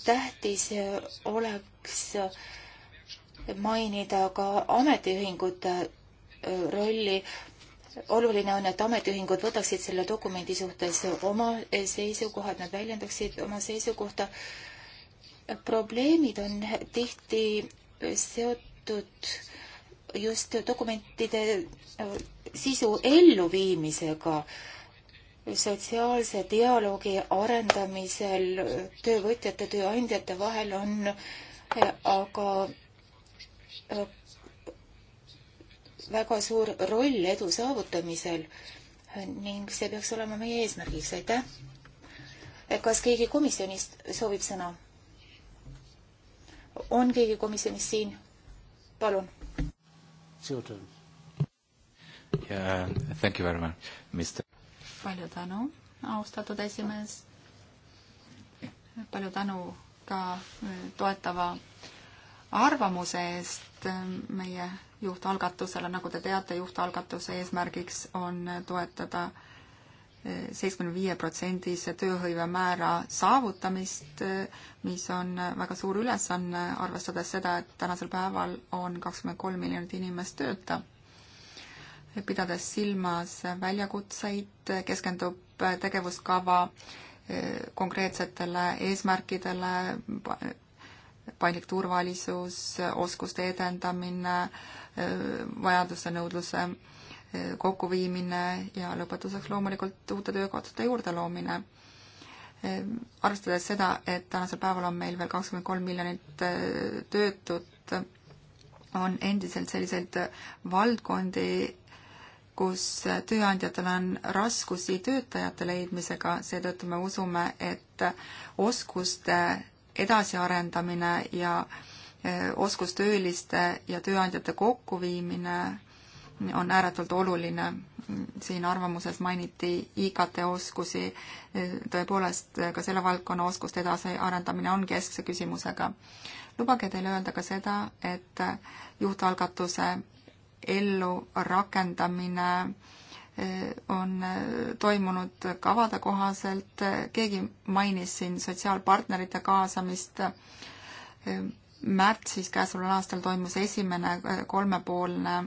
tähtis oleks mainida ka ametiühingute äh, rolli oluline on, et ametiühingud võtaksid selle dokumendi suhtes oma seisukohad, nad väljendaksid oma seisukohta. probleemid on tihti seotud just dokumentide äh, sisu elluviimisega, sotsiaalse dialoogi arendamisel töövõtjate, tööandjate vahel on äh, aga äh, väga suur roll edu saavutamisel ning see peaks olema meie eesmärgiks, aitäh. kas keegi komisjonist soovib sõna? on keegi komisjonist siin? palun. sinu töö. Yeah, thank you very much, Mr. palju tänu, austatud esimees. palju tänu ka eh, toetava arvamuse eest eh, meie juhtalgatusele, nagu te teate, juhtalgatuse eesmärgiks on toetada eh, seitsmekümne viie protsendise tööhõive määra saavutamist, eh, mis on väga suur ülesanne, arvestades seda, et tänasel päeval on kakskümmend kolm miljonit inimest tööta. pidades silmas väljakutseid, keskendub tegevuskava eh, konkreetsetele eesmärkidele, paindlik turvalisus, oskuste edendamine, vajaduste nõudluse e, kokkuviimine ja lõpetuseks loomulikult uute töökohtade juurde loomine. E, arvestades seda, et tänasel päeval on meil veel kakskümmend kolm miljonit e, töötut, on endiselt selliseid valdkondi, kus tööandjatel on raskusi töötajate leidmisega, seetõttu me usume, et oskuste edasiarendamine ja e, oskustööliste ja tööandjate kokkuviimine on ääretult oluline. siin arvamuses mainiti IKT-oskusi, e, tõepoolest e, ka selle valdkonna oskuste edasiarendamine on keskse küsimusega. lubage teile öelda ka seda, et juhtalgatuse ellurakendamine on äh, toimunud kavade kohaselt, keegi mainis siin sotsiaalpartnerite kaasamist, märtsis käesoleval aastal toimus esimene äh, kolmepoolne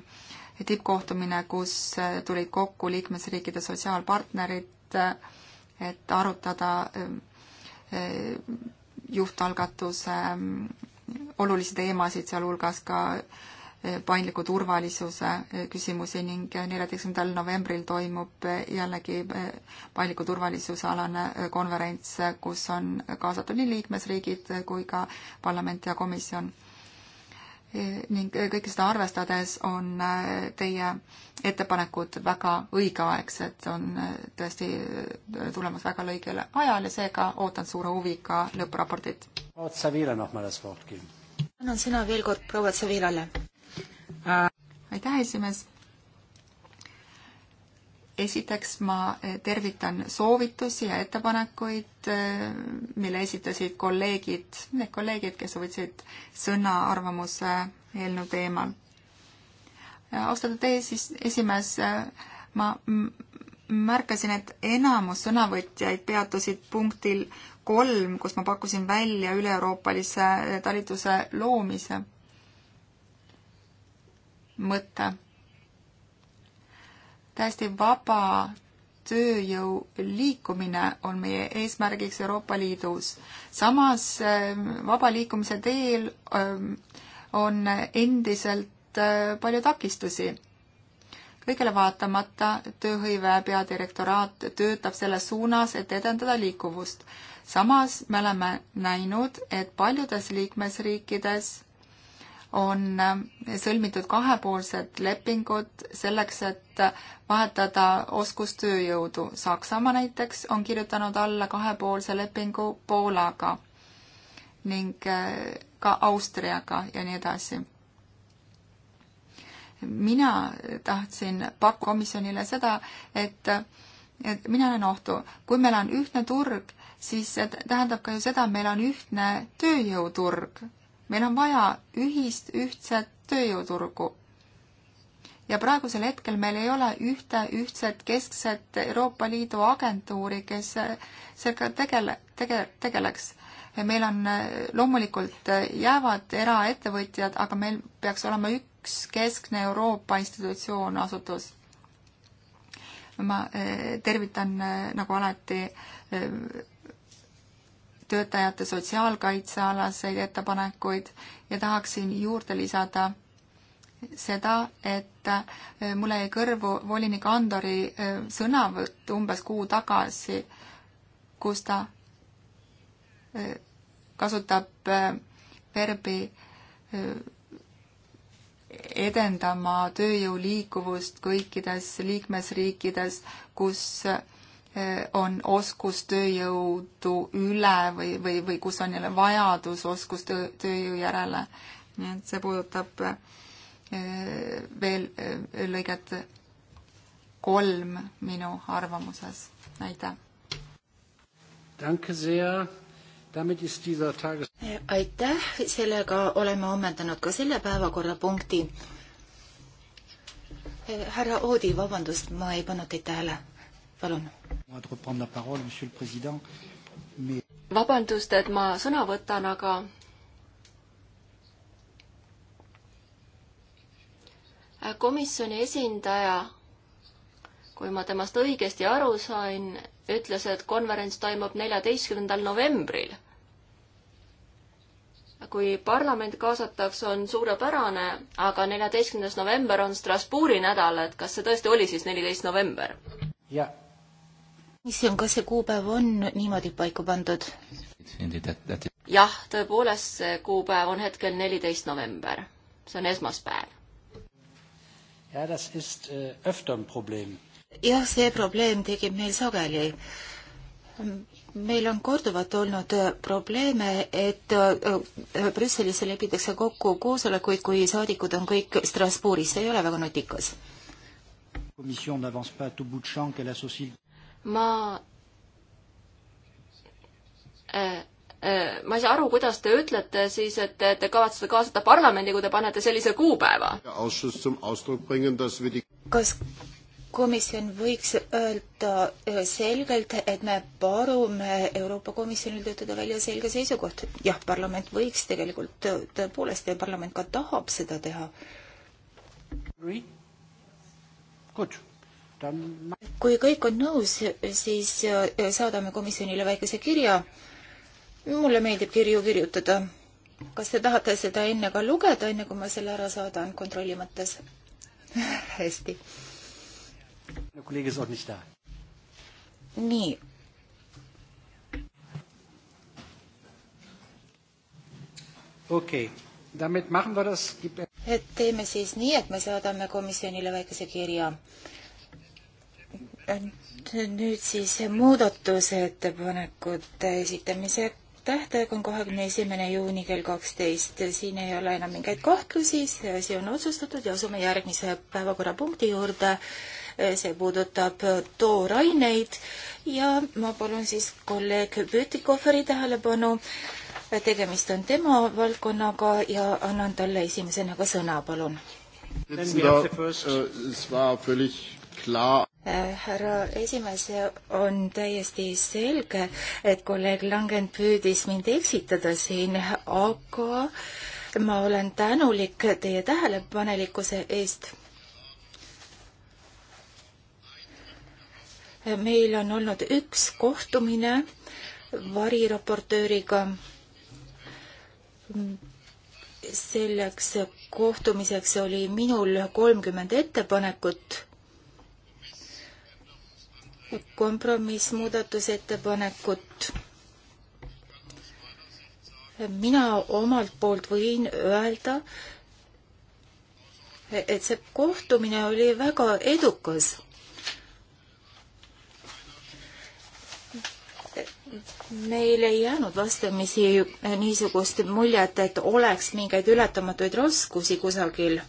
tippkohtumine, kus äh, tulid kokku liikmesriikide sotsiaalpartnerid, et arutada juhtalgatuse mm, olulisi teemasid, sealhulgas ka äh, paindliku turvalisuse e, küsimusi ning neljateistkümnendal novembril toimub e, jällegi e, paindliku turvalisuse alane konverents, kus on kaasatud nii liikmesriigid kui ka parlament ja komisjon. ning kõike seda arvestades on teie ettepanekud väga õigeaegsed, on tõesti tulemas väga õigel ajal ja seega ootan suure huviga lõppraportit. Otsa Viila, noh, ma alles kohtusin annan sõna veel kord proua Tsavirale aitäh, esimees! esiteks ma tervitan soovitusi ja ettepanekuid, mille esitasid kolleegid, need kolleegid, kes võtsid sõna arvamuse eelnõu teemal. austatud eesis-, esimees, ma märkasin, et enamus sõnavõtjaid peatusid punktil kolm, kus ma pakkusin välja üle-euroopalise talituse loomise mõte. täiesti vaba tööjõu liikumine on meie eesmärgiks Euroopa Liidus. samas ähm, vaba liikumise teel ähm, on endiselt äh, palju takistusi. kõigele vaatamata tööhõive peadirektoraat töötab selles suunas, et edendada liikuvust. samas me oleme näinud, et paljudes liikmesriikides on äh, sõlmitud kahepoolsed lepingud selleks, et vahetada oskustööjõudu. Saksamaa näiteks on kirjutanud alla kahepoolse lepingu Poolaga ning äh, ka Austriaga ja nii edasi. mina tahtsin pakkuda komisjonile seda, et et mina näen ohtu, kui meil on ühtne turg, siis see tähendab ka ju seda, et meil on ühtne tööjõuturg meil on vaja ühist, ühtset tööjõuturgu. ja praegusel hetkel meil ei ole ühte ühtset keskset Euroopa Liidu agentuuri, kes sellega tegele, tege-, tegeleks. meil on, loomulikult jäävad eraettevõtjad, aga meil peaks olema üks keskne Euroopa institutsioon, asutus. ma eh, tervitan eh, nagu alati eh, töötajate sotsiaalkaitsealaseid ettepanekuid ja tahaksin juurde lisada seda, et äh, mulle jäi kõrvu volinik Andori äh, sõnavõtt umbes kuu tagasi, kus ta äh, kasutab verbi edendama tööjõu liikuvust kõikides liikmesriikides, kus Äh, on oskustööjõudu üle või, või, või kus on jälle vajadus oskustööjõu järele. nii et see puudutab äh, veel äh, lõiget kolm minu arvamuses. aitäh! aitäh, sellega oleme ammendanud ka selle päevakorrapunkti. härra Oodi, vabandust, ma ei pannud teid tähele palun. vabandust, et ma sõna võtan, aga komisjoni esindaja, kui ma temast õigesti aru sain, ütles, et konverents toimub neljateistkümnendal novembril. kui parlament kaasatakse, on suurepärane, aga neljateistkümnes november on Strasbourgi nädal, et kas see tõesti oli siis neliteist november? jah mis on, kas see kuupäev on niimoodi paika pandud? jah, tõepoolest, see kuupäev on hetkel neliteist november. see on esmaspäev. Äh, jah, see probleem tekib meil sageli. meil on korduvalt olnud äh, probleeme, et äh, Brüsselis lepitakse kokku koosolekuid, kui saadikud on kõik Strasbourgis, see ei ole väga nutikas. komisjon avance pas tout bout de champ qu'elle associe ma äh, äh, ma ei saa aru, kuidas te ütlete siis, et te kavatsete kaasata parlamendi, kui te panete sellise kuupäeva? kas komisjon võiks öelda äh, selgelt, et me palume Euroopa Komisjonil töötada välja selge seisukoht? jah, parlament võiks tegelikult tõepoolest ja parlament ka tahab seda teha. Good kui kõik on nõus, siis äh, saadame komisjonile väikese kirja. mulle meeldib kirju kirjutada. kas te tahate seda enne ka lugeda, enne kui ma selle ära saadan kontrolli mõttes hästi. nii. okei okay., damit machen wir das. et teeme siis nii, et me saadame komisjonile väikese kirja nüüd siis muudatusettepanekute esitamise tähtaeg on kahekümne esimene juuni kell kaksteist. siin ei ole enam mingeid kahtlusi, see asi on otsustatud ja asume järgmise päevakorrapunkti juurde. see puudutab tooraineid ja ma palun siis kolleeg Pütikoferi tähelepanu. tegemist on tema valdkonnaga ja annan talle esimesena ka sõna, palun. Äh, es war völlig klar Äh, härra esimees, on täiesti selge, et kolleeg Langen püüdis mind eksitada siin, aga ma olen tänulik teie tähelepanelikkuse eest. meil on olnud üks kohtumine variraportööriga selleks kohtumiseks oli minul kolmkümmend ettepanekut kompromissmuudatusettepanekut. mina omalt poolt võin öelda, et see kohtumine oli väga edukas. meil ei jäänud vastamisi niisugust muljet, et oleks mingeid ületamatuid raskusi kusagil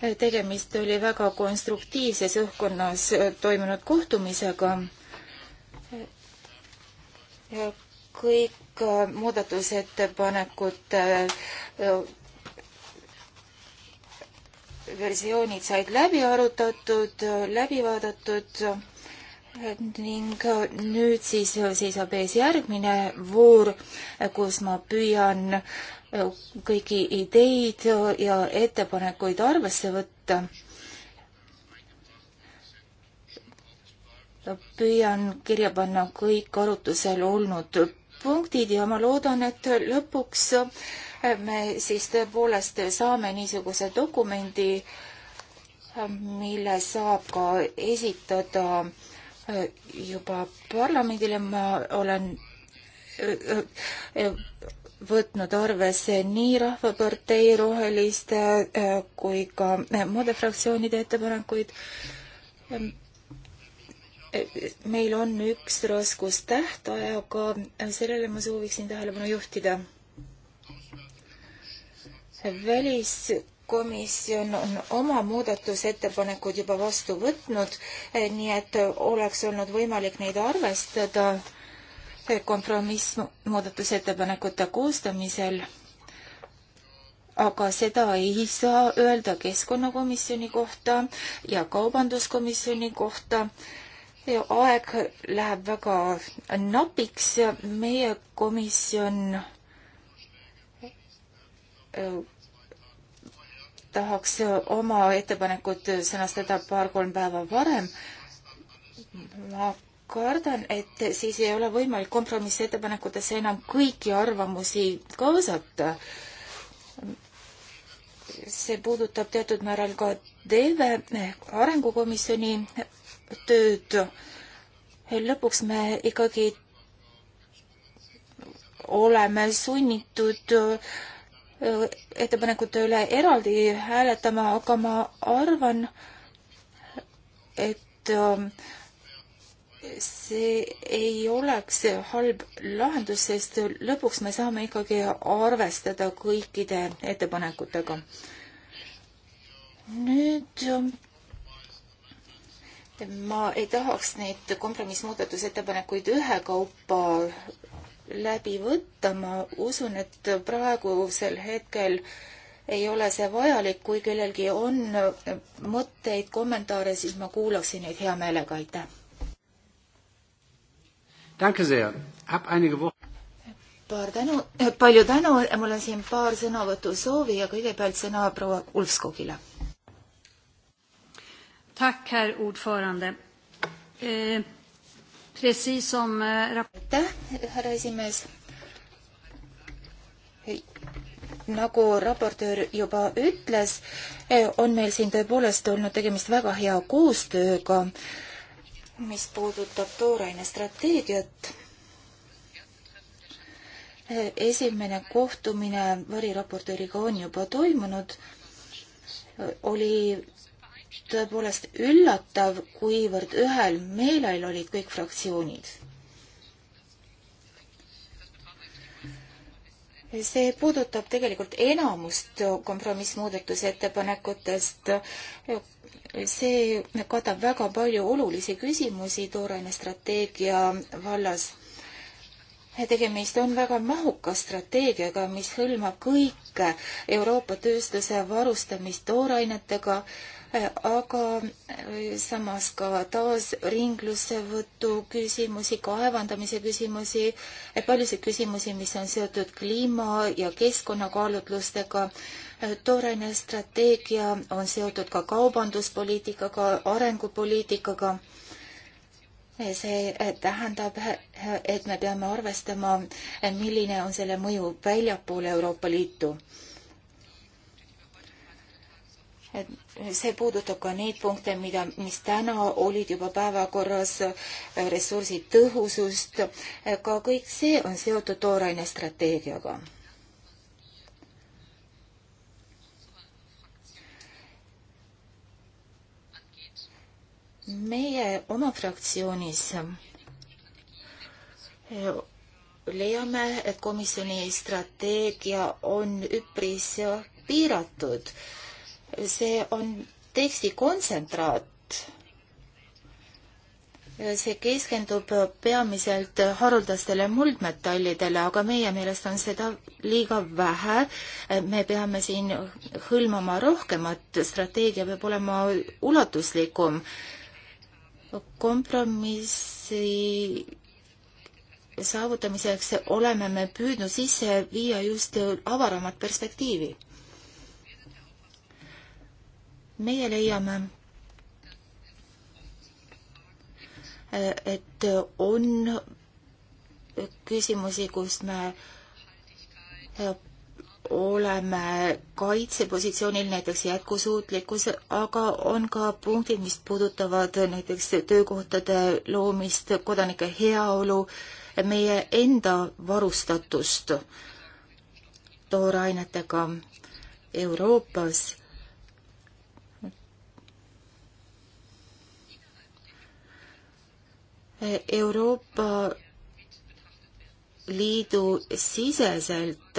tegemist oli väga konstruktiivses õhkkonnas toimunud kohtumisega. kõik muudatusettepanekud äh, versioonid said läbi arutatud, läbi vaadatud ning nüüd siis seisab ees järgmine voor, kus ma püüan kõiki ideid ja ettepanekuid arvesse võtta. püüan kirja panna kõik arutusel olnud punktid ja ma loodan, et lõpuks me siis tõepoolest saame niisuguse dokumendi, mille saab ka esitada juba parlamendile, ma olen võtnud arvesse nii Rahvapartei roheliste äh, kui ka äh, muude fraktsioonide ettepanekuid. Ähm, meil on üks raskus tähtajaga, äh, sellele ma sooviksin tähelepanu juhtida. väliskomisjon on oma muudatusettepanekud juba vastu võtnud, nii et oleks olnud võimalik neid arvestada kompromiss muudatusettepanekute koostamisel, aga seda ei saa öelda Keskkonnakomisjoni kohta ja Kaubanduskomisjoni kohta. aeg läheb väga napiks, meie komisjon äh, tahaks oma ettepanekut sõnastada paar-kolm päeva varem. ma kardan, et siis ei ole võimalik kompromissettepanekutesse enam kõiki arvamusi kaasata. see puudutab teatud määral ka TV arengukomisjoni tööd. lõpuks me ikkagi oleme sunnitud äh, ettepanekute üle eraldi hääletama, aga ma arvan, et äh, see ei oleks halb lahendus, sest lõpuks me saame ikkagi arvestada kõikide ettepanekutega. nüüd ähm, ma ei tahaks neid kompromissmuudatusettepanekuid ühekaupa läbi võtta, ma usun, et praegusel hetkel ei ole see vajalik, kui kellelgi on mõtteid, kommentaare, siis ma kuulaksin neid hea meelega, aitäh! paar tänu, eh, palju tänu, mul on siin paar sõnavõtusoovi ja kõigepealt sõna proua Ulfskogile. Eh, eh, aitäh, härra esimees nagu raportöör juba ütles, on meil siin tõepoolest olnud tegemist väga hea koostööga mis puudutab tooraine strateegiat. esimene kohtumine variraportööriga on juba toimunud. oli tõepoolest üllatav, kuivõrd ühel meelel olid kõik fraktsioonid. see puudutab tegelikult enamust kompromissmuudatusettepanekutest see katab väga palju olulisi küsimusi tooraine strateegia vallas. tegemist on väga mahuka strateegiaga, mis hõlmab kõike Euroopa tööstuse varustamist toorainetega Äh, aga äh, samas ka taas ringlussevõtu küsimusi, kaevandamise küsimusi, äh, paljusid küsimusi, mis on seotud kliima ja keskkonnakaalutlustega. toorene strateegia on seotud ka kaubanduspoliitikaga, arengupoliitikaga see tähendab, et me peame arvestama, milline on selle mõju väljapoole Euroopa Liitu see puudutab ka neid punkte, mida, mis täna olid juba päevakorras, äh, ressursitõhusust, ka kõik see on seotud tooraine strateegiaga. meie oma fraktsioonis äh, leiame, et komisjoni strateegia on üpris piiratud see on teksti kontsentraat. see keskendub peamiselt haruldastele muldmetallidele, aga meie meelest on seda liiga vähe. me peame siin hõlmama rohkemat, strateegia peab olema ulatuslikum. kompromissi saavutamiseks oleme me püüdnud sisse viia just avaramat perspektiivi meie leiame, et on küsimusi, kus me oleme kaitsepositsioonil näiteks jätkusuutlikkus, aga on ka punktid, mis puudutavad näiteks töökohtade loomist, kodanike heaolu, meie enda varustatust toorainetega Euroopas Euroopa Liidu siseselt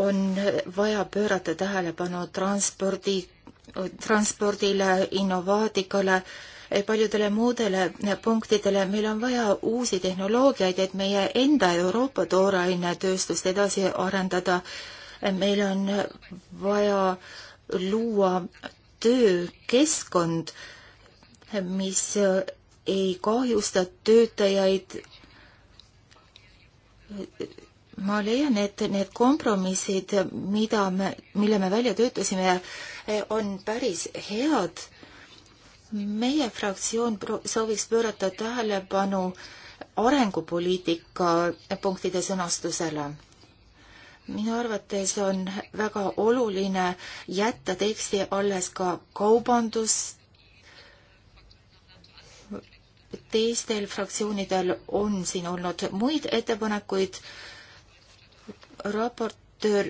on vaja pöörata tähelepanu transpordi, transpordile, innovaatikale, paljudele muudele punktidele. meil on vaja uusi tehnoloogiaid, et meie enda Euroopa toorainetööstust edasi arendada. meil on vaja luua töökeskkond, mis ei kahjusta töötajaid. ma leian, et need kompromissid, mida me, mille me välja töötasime, on päris head. meie fraktsioon sooviks pöörata tähelepanu arengupoliitika punktide sõnastusele minu arvates on väga oluline jätta teksti alles ka kaubandus, teistel fraktsioonidel on siin olnud muid ettepanekuid. raportöör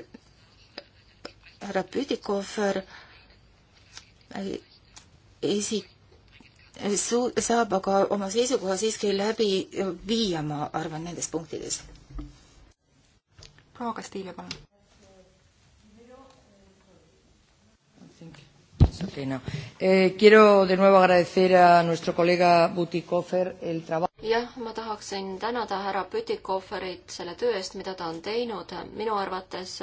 härra Püdikohver äh, esi-, saab aga oma seisukoha siiski läbi viia, ma arvan, nendes punktides. proua Kastiilia, palun. Atena. Eh, quiero de nuevo agradecer a nuestro colega Butikofer el trabajo. jah, ma tahaksin tänada härra Butikoferit selle töö eest, mida ta on teinud. minu arvates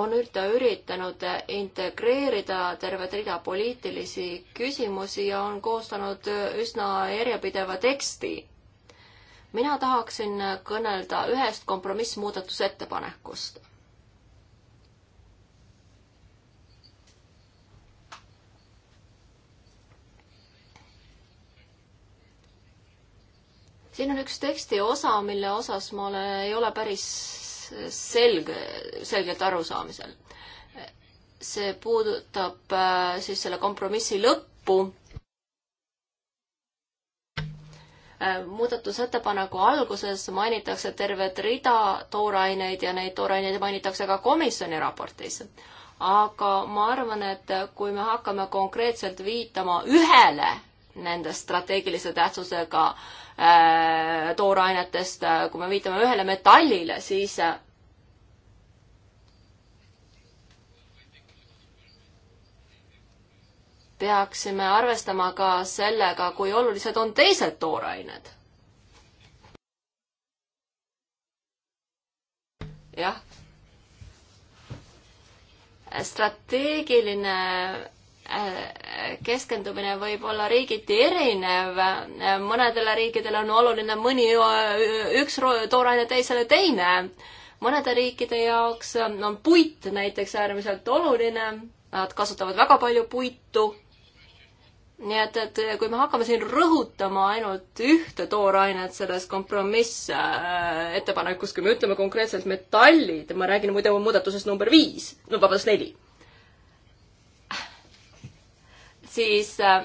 on ta üritanud integreerida tervet rida poliitilisi küsimusi ja on koostanud üsna järjepideva teksti. mina tahaksin kõnelda ühest kompromissmuudatusettepanekust siin on üks teksti osa, mille osas ma ole, ei ole päris selge, selgelt arusaamisel. see puudutab äh, siis selle kompromissi lõppu. Äh, muudatusettepaneku alguses mainitakse tervet rida tooraineid ja neid tooraineid mainitakse ka komisjoni raportis aga ma arvan, et kui me hakkame konkreetselt viitama ühele nendest strateegilise tähtsusega Äh, toorainetest, äh, kui me viitame ühele metallile, siis äh, peaksime arvestama ka sellega, kui olulised on teised toorained. jah. strateegiline keskendumine võib olla riigiti erinev, mõnedele riikidele on oluline mõni, üks tooraine teisele teine. mõnede riikide jaoks on puit näiteks äärmiselt oluline, nad kasutavad väga palju puitu. nii et, et kui me hakkame siin rõhutama ainult ühte toorainet selles kompromissettepanekus, kui me ütleme konkreetselt metallid, ma räägin muide muudatusest number viis, no vabandust, neli siis äh,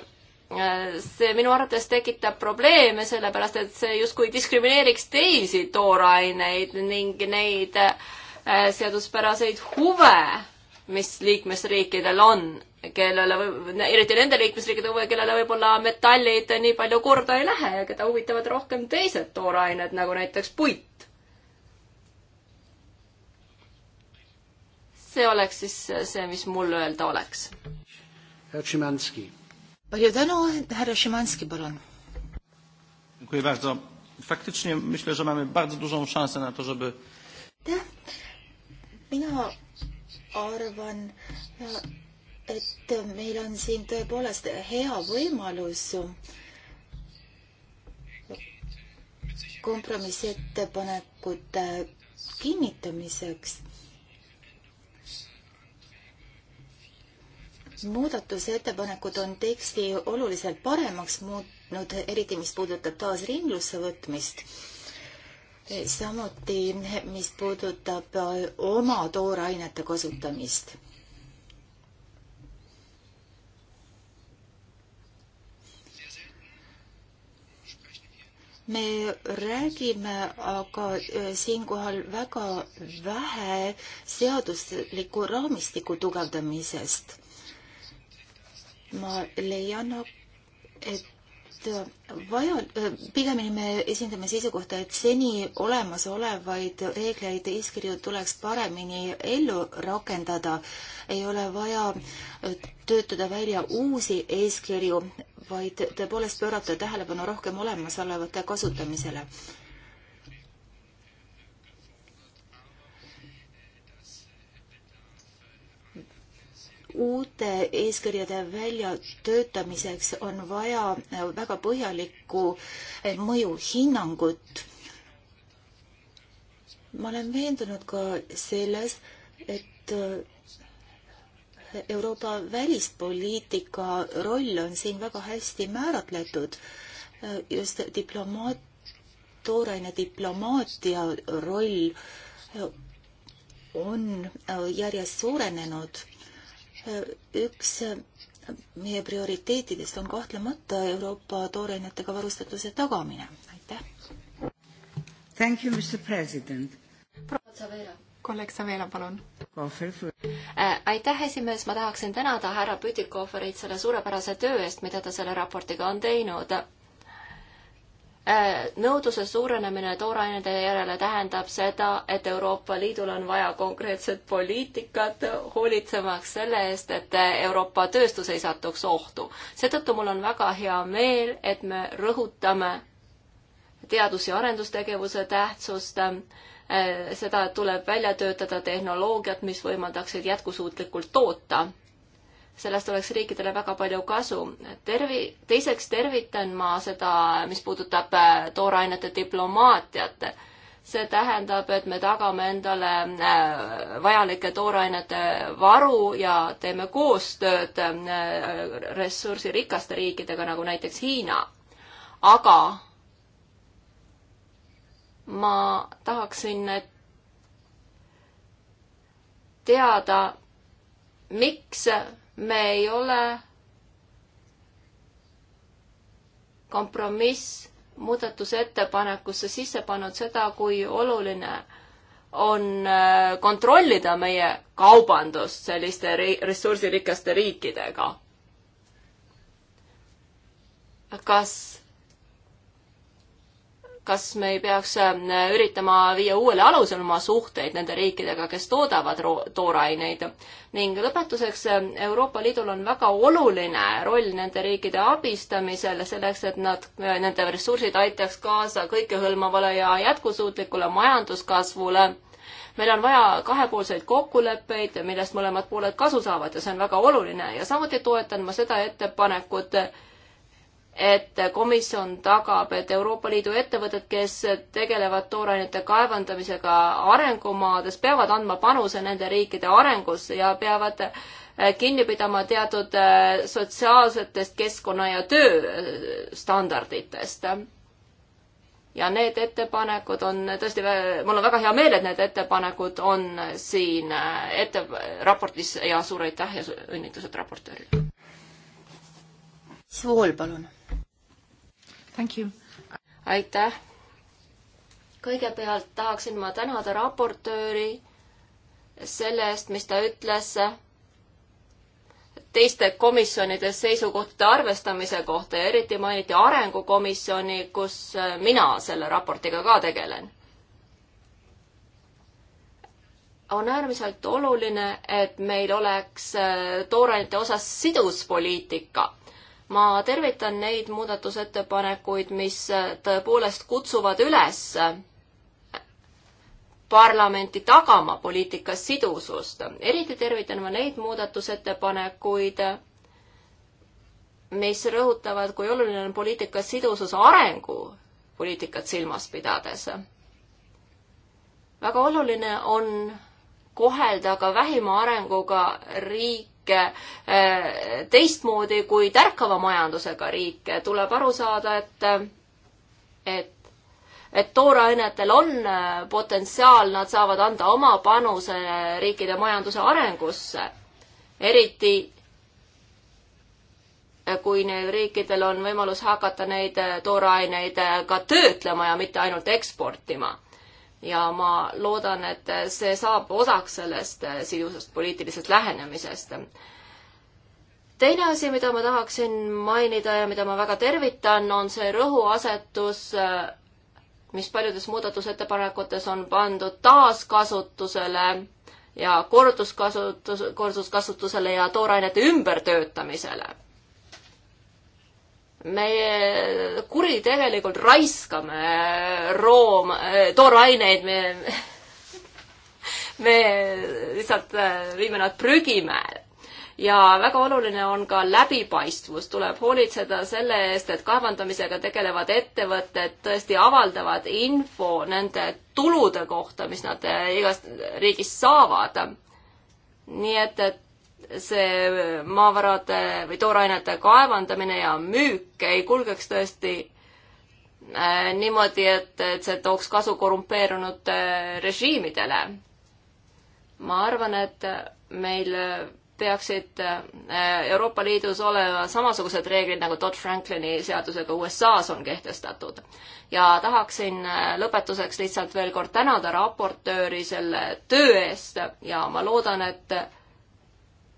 see minu arvates tekitab probleeme, sellepärast et see justkui diskrimineeriks teisi tooraineid ning neid äh, seaduspäraseid huve, mis liikmesriikidel on, kellele, eriti nende liikmesriikide huve, kellele võib-olla metallid nii palju korda ei lähe ja keda huvitavad rohkem teised toorained, nagu näiteks puit. see oleks siis see, mis mul öelda oleks härra Šimanski. palju tänu, härra Šimanski, palun. Dziękuję bardzo. Faktycznie myślę, że mamy bardzo dużą szansę na to, żeby... Mina arvan, et meil on siin tõepoolest hea võimalus kompromissettepanekute kinnitamiseks muudatusettepanekud on teksti oluliselt paremaks muutnud, eriti mis puudutab taas ringlusse võtmist. samuti, mis puudutab äh, oma toorainete kasutamist. me räägime aga äh, siinkohal väga vähe seadusliku raamistiku tugevdamisest ma leian, et vaja, pigemini me esindame seisukohta, et seni olemasolevaid reegleid, eeskirju tuleks paremini ellu rakendada. ei ole vaja töötada välja uusi eeskirju, vaid tõepoolest pöörata tähelepanu rohkem olemasolevate kasutamisele uute eeskirjade väljatöötamiseks on vaja väga põhjalikku mõjuhinnangut. ma olen veendunud ka selles, et Euroopa välispoliitika roll on siin väga hästi määratletud. just diplomaat, tooraine diplomaatia roll on järjest suurenenud üks meie prioriteetidest on kahtlemata Euroopa toorainetega varustatuse tagamine. aitäh! Thank you, Mr President. proua Savera kolleeg Savela, palun. Äh, aitäh, esimees, ma tahaksin tänada härra Pütikoferit selle suurepärase töö eest, mida ta selle raportiga on teinud Äh, nõudluse suurenemine toorainete järele tähendab seda, et Euroopa Liidul on vaja konkreetset poliitikat, hoolitsemaks selle eest, et Euroopa tööstus ei satuks ohtu. seetõttu mul on väga hea meel, et me rõhutame teadus- ja arendustegevuse tähtsust, äh, seda, et tuleb välja töötada tehnoloogiat, mis võimaldaksid jätkusuutlikult toota sellest oleks riikidele väga palju kasu. tervi-, teiseks tervitan ma seda, mis puudutab äh, toorainete diplomaatiat. see tähendab, et me tagame endale äh, vajalike toorainete varu ja teeme koostööd äh, ressursirikaste riikidega, nagu näiteks Hiina. aga ma tahaksin teada, miks me ei ole kompromiss muudatusettepanekusse sisse pannud seda, kui oluline on äh, kontrollida meie kaubandust selliste ressursirikaste riikidega. kas kas me ei peaks äh, üritama viia uuele alusele oma suhteid nende riikidega, kes toodavad tooraineid. ning lõpetuseks, äh, Euroopa Liidul on väga oluline roll nende riikide abistamisel, selleks et nad, äh, nende ressursid aitaks kaasa kõikehõlmavale ja jätkusuutlikule majanduskasvule meil on vaja kahepoolseid kokkuleppeid, millest mõlemad pooled kasu saavad ja see on väga oluline ja samuti toetan ma seda ettepanekut, et komisjon tagab, et Euroopa Liidu ettevõtted, kes tegelevad toorainete kaevandamisega arengumaades, peavad andma panuse nende riikide arengusse ja peavad äh, kinni pidama teatud äh, sotsiaalsetest keskkonna ja tööstandarditest. ja need ettepanekud on tõesti, mul on väga hea meel, et need ettepanekud on siin äh, ette, raportis ja suur aitäh ja õnnitlused raportöörile. Svool, palun aitäh. kõigepealt tahaksin ma tänada raportööri selle eest, mis ta ütles teiste komisjonide seisukohtade arvestamise kohta ja eriti mainiti arengukomisjoni, kus mina selle raportiga ka tegelen. on äärmiselt oluline, et meil oleks toorainete osas sidus poliitika ma tervitan neid muudatusettepanekuid, mis äh, tõepoolest kutsuvad üles äh, parlamenti tagama poliitika sidusust. eriti tervitan ma neid muudatusettepanekuid, mis rõhutavad, kui oluline on poliitika sidusus arengupoliitikat silmas pidades. väga oluline on kohelda ka vähima arenguga riik, riike eh, teistmoodi kui tärkava majandusega riike, tuleb aru saada, et et et toorainetel on eh, potentsiaal, nad saavad anda oma panuse riikide majanduse arengusse, eriti eh, kui neil riikidel on võimalus hakata neid tooraineid ka töötlema ja mitte ainult eksportima ja ma loodan, et see saab osaks sellest eh, sidusast poliitilisest lähenemisest. teine asi, mida ma tahaksin mainida ja mida ma väga tervitan, on see rõhuasetus, eh, mis paljudes muudatusettepanekutes on pandud taaskasutusele ja korduskasutus, korduskasutusele ja toorainete ümbertöötamisele me kuritegelikult raiskame room, tooraineid, me, me lihtsalt äh, viime nad prügimäele ja väga oluline on ka läbipaistvus, tuleb hoolitseda selle eest, et kaevandamisega tegelevad ettevõtted tõesti avaldavad info nende tulude kohta, mis nad äh, igast riigist saavad. nii et, et see maavarade või toorainete kaevandamine ja müük ei kulgeks tõesti äh, niimoodi, et, et see tooks kasu korrumpeerunud äh, režiimidele. ma arvan, et meil peaksid äh, Euroopa Liidus olema samasugused reeglid, nagu Dodd-Franklini seadusega USA-s on kehtestatud. ja tahaksin äh, lõpetuseks lihtsalt veel kord tänada raportööri selle töö eest ja ma loodan, et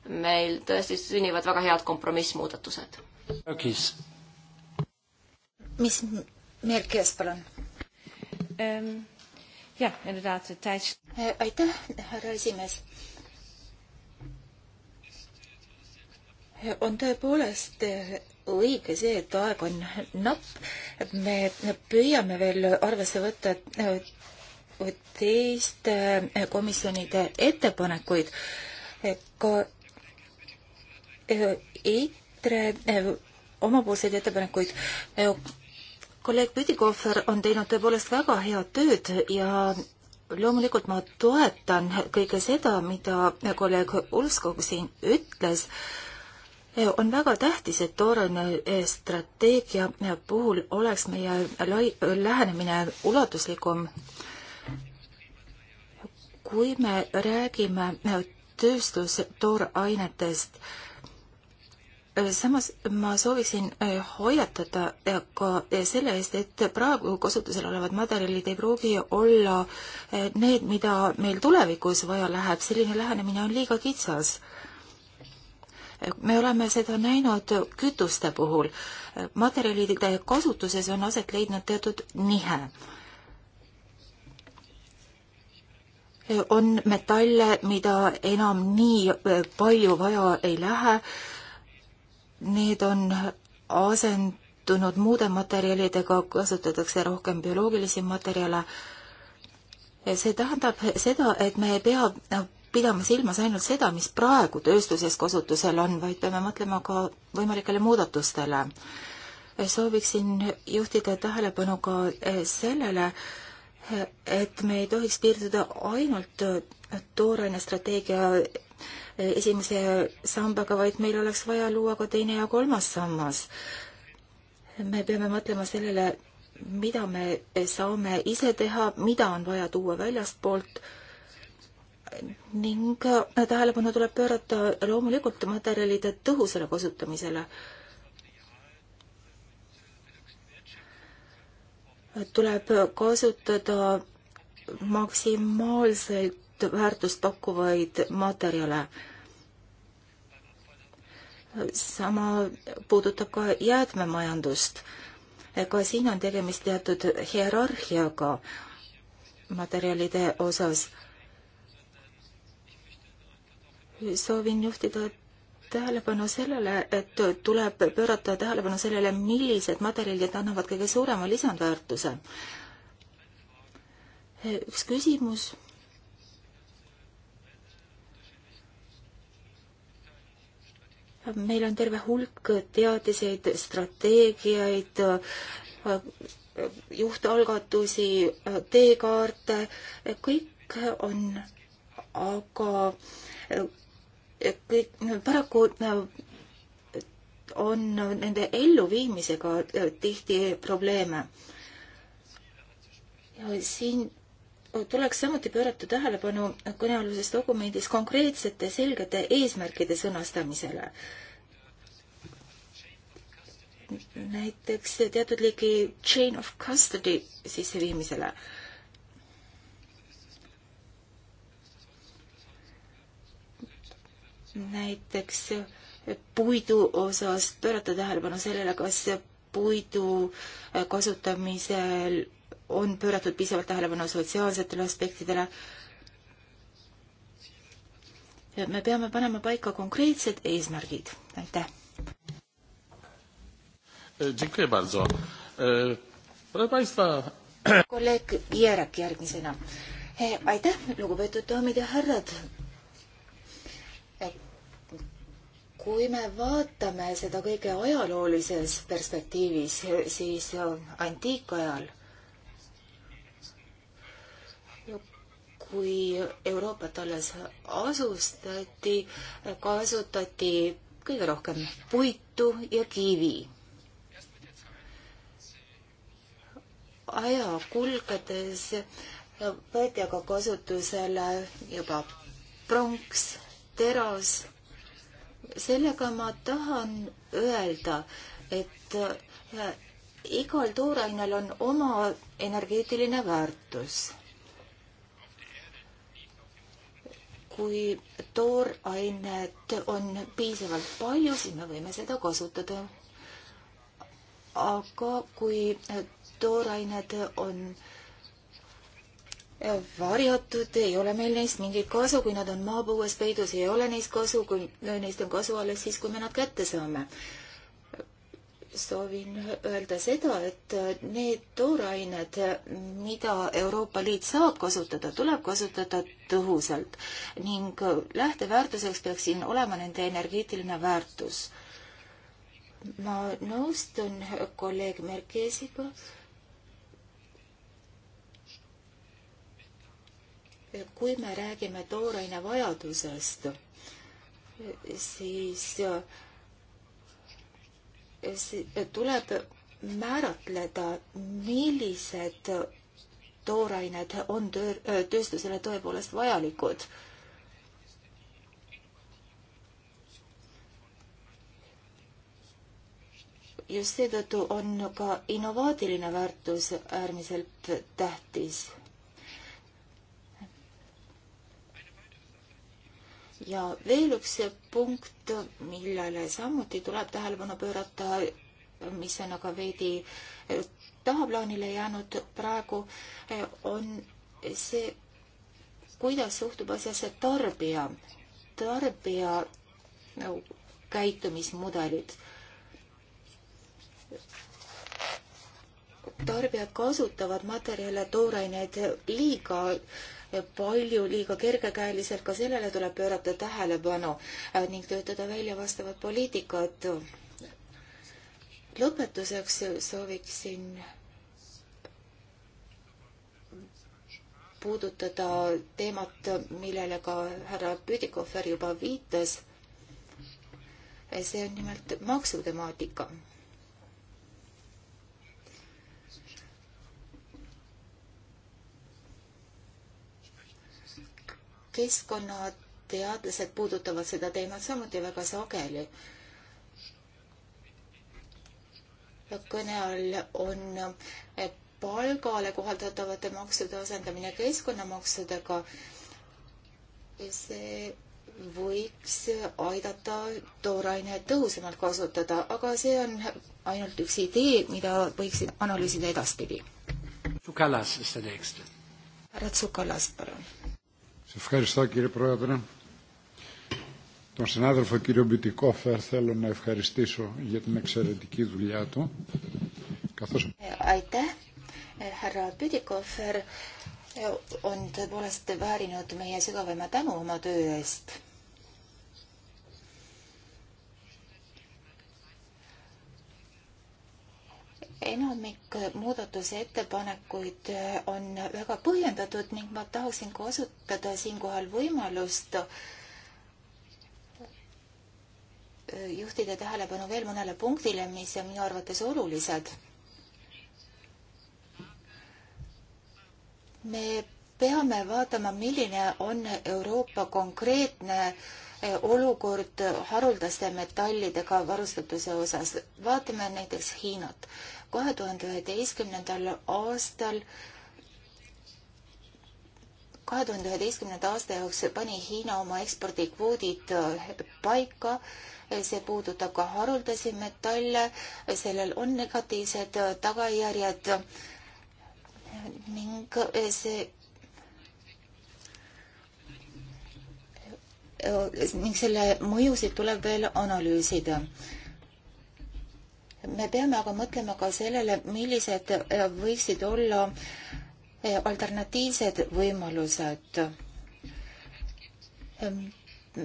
meil tõesti sünnivad väga head kompromissmuudatused. mis, Merkis, palun ähm,? jah, inderdaad, täis. Eh, aitäh, härra esimees. on tõepoolest eh, õige see, et aeg on napp. me püüame veel arvesse võtta eh, teiste komisjonide ettepanekuid. ka Äh, EITRE äh, omapoolseid ettepanekuid. Äh, kolleeg Püdikohver on teinud tõepoolest väga head tööd ja loomulikult ma toetan kõike seda, mida kolleeg Ulskog siin ütles. on väga tähtis, et toorane strateegia puhul oleks meie lai-, lähenemine ulatuslikum. kui me räägime tööstustoorainetest, samas ma sooviksin äh, hoiatada äh, ka äh, selle eest, et praegu kasutusel olevad materjalid ei pruugi olla need, mida meil tulevikus vaja läheb, selline lähenemine on liiga kitsas. me oleme seda näinud kütuste puhul. materjalide kasutuses on aset leidnud teatud nihe on metalle, mida enam nii palju vaja ei lähe need on asendunud muude materjalidega, kasutatakse rohkem bioloogilisi materjale. see tähendab seda, et me ei pea pidama silmas ainult seda, mis praegu tööstuses kasutusel on, vaid peame mõtlema ka võimalikele muudatustele. sooviksin juhtida tähelepanu ka sellele, et me ei tohiks piirduda ainult tooraine strateegia esimese sambaga, vaid meil oleks vaja luua ka teine ja kolmas sammas. me peame mõtlema sellele, mida me saame ise teha, mida on vaja tuua väljastpoolt ning tähelepanu tuleb pöörata loomulikult materjalide tõhusale kasutamisele tuleb kasutada maksimaalselt muid väärtust pakkuvaid materjale. sama puudutab ka jäätmemajandust. ka siin on tegemist teatud hierarhiaga materjalide osas. soovin juhtida tähelepanu sellele, et tuleb pöörata tähelepanu sellele, millised materjalid annavad kõige suurema lisandväärtuse. üks küsimus. meil on terve hulk teadiseid, strateegiaid, juhtalgatusi, teekaarte, kõik on aga kõik paraku on nende elluviimisega tihti probleeme. ja siin tuleks samuti pöörata tähelepanu kõnealuses dokumendis konkreetsete selgete eesmärkide sõnastamisele. näiteks teatud liigi chain of custody sisseviimisele. näiteks puidu osas pöörata tähelepanu sellele, kas puidu kasutamisel on pööratud piisavalt tähelepanu sotsiaalsetele aspektidele. me peame panema paika konkreetsed eesmärgid. aitäh. E, e, kolleeg Jerek järgmisena. E, aitäh, lugupeetud daamid ja härrad kui me vaatame seda kõige ajaloolises perspektiivis, siis antiikajal kui Euroopat alles asustati, kasutati kõige rohkem puitu ja kivi. aja kulgedes võeti aga kasutusele juba pronks, teras. sellega ma tahan öelda, et äh, igal toorainel on oma energeetiline väärtus kui toorainet on piisavalt palju, siis me võime seda kasutada. aga kui toorained on varjatud, ei ole meil neist mingit kasu, kui nad on maapõues peidus, ei ole neist kasu, kui neist on kasu alles siis, kui me nad kätte saame soovin öelda seda, et äh, need toorained, mida Euroopa Liit saab kasutada, tuleb kasutada tõhusalt ning äh, lähteväärtuseks peaks siin olema nende energeetiline väärtus. ma nõustun kolleeg Merkesiga. kui me räägime tooraine vajadusest, siis äh, tuleb määratleda, millised toorained on töö, tööstusele tõepoolest vajalikud. just seetõttu on ka innovaatiline väärtus äärmiselt tähtis ja veel üks punkt, millele samuti tuleb tähelepanu pöörata, mis on aga veidi eh, tahaplaanile jäänud praegu, eh, on see, kuidas suhtub asjasse tarbija, tarbija no, käitumismudelid. tarbijad kasutavad materjale, tooraineid liiga äh, palju liiga kergekäeliselt, ka sellele tuleb pöörata tähelepanu äh, ning töötada välja vastavad poliitikad. lõpetuseks sooviksin puudutada teemat, millele ka härra Püdikofer juba viitas. see on nimelt maksutemaatika keskkonnateadlased puudutavad seda teemat samuti väga sageli. kõne all on palgale kohaldatavate maksude asendamine keskkonnamaksudega. see võiks aidata toorainet tõhusamalt kasutada, aga see on ainult üks idee, mida võiks analüüsida edaspidi. härra Tsukalas, palun. Ευχαριστώ κύριε Πρόεδρε. Τον συνάδελφο κύριο Μπιτικόφερ θέλω να ευχαριστήσω για την εξαιρετική δουλειά του. Καθώς... Aitäh, härra Pidikofer on äh, tõepoolest väärinud meie sügavama tänu oma töö eest enamik muudatusettepanekuid on väga põhjendatud ning ma tahaksin kasutada siinkohal võimalust juhtida tähelepanu veel mõnele punktile, mis on minu arvates olulised. me peame vaatama, milline on Euroopa konkreetne olukord haruldaste metallidega varustatuse osas. vaatame näiteks Hiinat kahe tuhande üheteistkümnendal aastal kahe tuhande üheteistkümnenda aasta jaoks pani Hiina oma ekspordikvoodid äh, paika. see puudutab ka haruldasi metalle, sellel on negatiivsed äh, tagajärjed ning äh, see ning selle mõjusid tuleb veel analüüsida me peame aga mõtlema ka sellele, millised võiksid olla eh, alternatiivsed võimalused.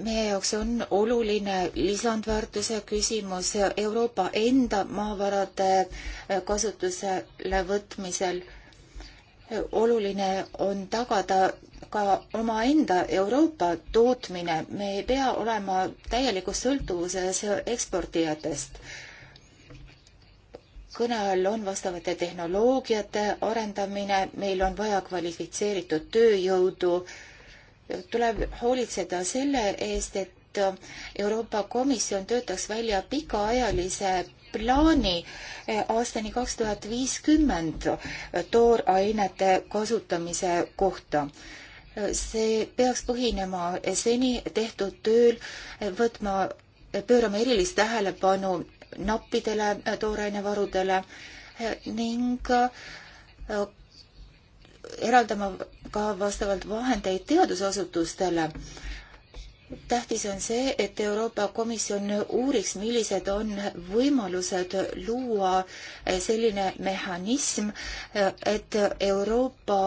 meie jaoks on oluline lisandväärtuse küsimus Euroopa enda maavarade eh, kasutusele võtmisel. oluline on tagada ka omaenda Euroopa tootmine, me ei pea olema täielikus sõltuvuses eksportijatest kõne all on vastavate tehnoloogiate arendamine, meil on vaja kvalifitseeritud tööjõudu. tuleb hoolitseda selle eest, et Euroopa Komisjon töötaks välja pikaajalise plaani aastani kaks tuhat viiskümmend toorainete kasutamise kohta see peaks põhinema seni tehtud tööl, võtma, pöörama erilist tähelepanu nappidele äh, toorainevarudele äh, ning äh, eraldama ka vastavalt vahendeid teadusasutustele. tähtis on see, et Euroopa Komisjon uuriks, millised on võimalused luua selline mehhanism, et Euroopa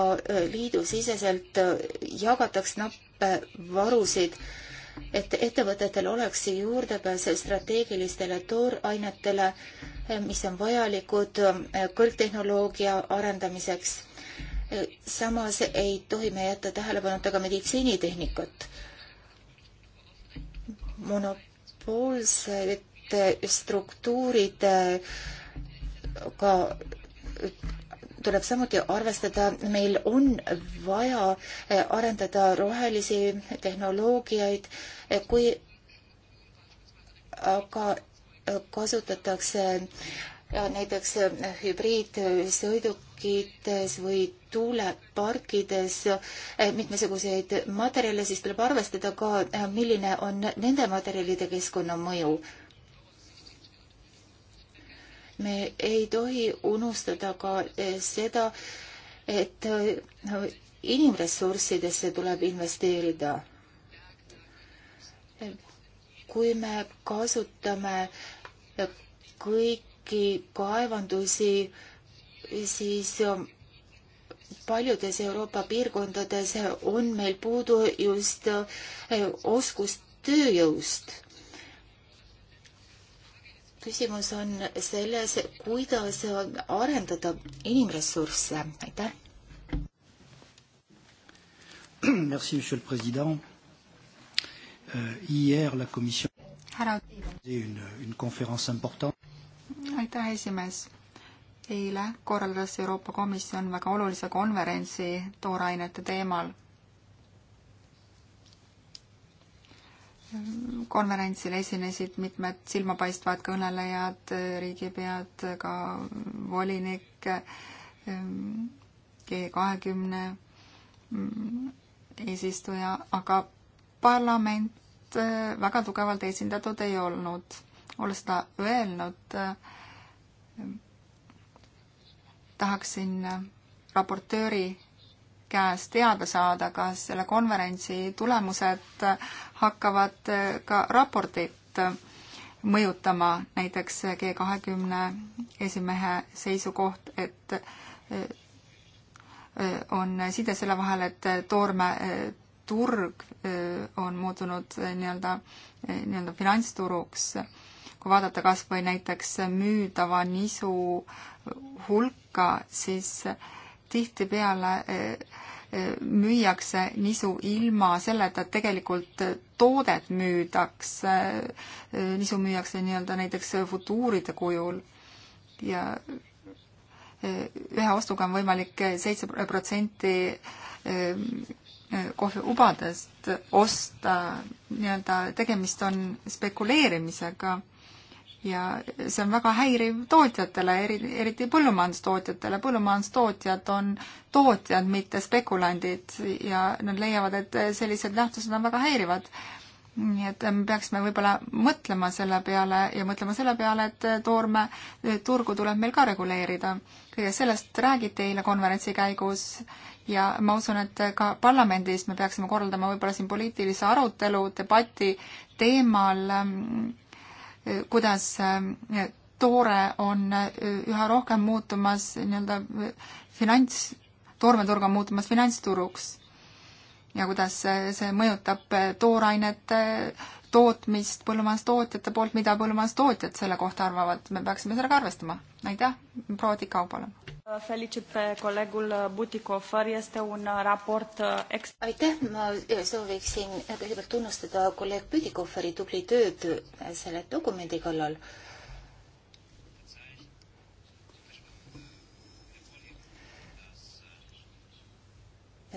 Liidu siseselt jagataks nappe varusid äh, et ettevõtetel oleks juurdepääs strateegilistele toorainetele, mis on vajalikud eh, kõrgtehnoloogia arendamiseks. Eh, samas ei tohi me jätta tähelepanuta ka meditsiinitehnikat. monopoolsete struktuuride eh, ka tuleb samuti arvestada, meil on vaja eh, arendada rohelisi tehnoloogiaid, eh, kui aga eh, kasutatakse ja näiteks hübriidsõidukites või tuuleparkides mitmesuguseid materjale, siis tuleb arvestada ka, milline on nende materjalide keskkonnamõju me ei tohi unustada ka eh, seda, et eh, inimressurssidesse tuleb investeerida. kui me kasutame eh, kõiki kaevandusi, siis paljudes Euroopa piirkondades on meil puudu just oskustööjõust küsimus on selles, kuidas arendada inimressursse, aitäh. Merci, monsieur le président. Euh, hier, la commission a une, une conférence importante. aitäh, esimees. eile korraldas Euroopa Komisjon väga olulise konverentsi toorainete teemal konverentsil esinesid mitmed silmapaistvad kõnelejad, riigipead, ka volinik G kahekümne mm, eesistuja, aga parlament äh, väga tugevalt esindatud ei olnud. olles seda öelnud, äh, tahaksin raportööri käest teada saada, kas selle konverentsi tulemused hakkavad ka raportit mõjutama, näiteks G kahekümne esimehe seisukoht, et e, on side selle vahel, et toormeturg e, e, on muutunud nii-öelda, nii-öelda finantsturuks. kui vaadata kas või näiteks müüdava nisu hulka, siis äh, tihtipeale eh, eh, müüakse nisu ilma selleta, et tegelikult toodet müüdakse, eh, nisu müüakse nii-öelda näiteks futuuride kujul ja ühe ostuga on võimalik seitse protsenti kohviubadest osta, nii-öelda tegemist on spekuleerimisega ja see on väga häiriv tootjatele, eri, eriti põllumajandustootjatele. põllumajandustootjad on tootjad, mitte spekulandid ja nad leiavad, et sellised nähtused on väga häirivad. nii et me peaksime võib-olla mõtlema selle peale ja mõtlema selle peale, et toorme turgu tuleb meil ka reguleerida. kõigest sellest räägiti eile konverentsi käigus ja ma usun, et ka parlamendis me peaksime korraldama võib-olla siin poliitilise arutelu, debati teemal kuidas äh, toore on äh, üha rohkem muutumas nii-öelda äh, finants, toormeturg on muutumas finantsturuks ja kuidas see mõjutab toorainete tootmist põllumajandustootjate poolt, mida põllumajandustootjad selle kohta arvavad, me peaksime sellega arvestama. aitäh, proua Tikau, palun. Uh, aitäh, ma sooviksin kõigepealt tunnustada kolleeg Püdikoferi tubli tööd selle dokumendi kallal.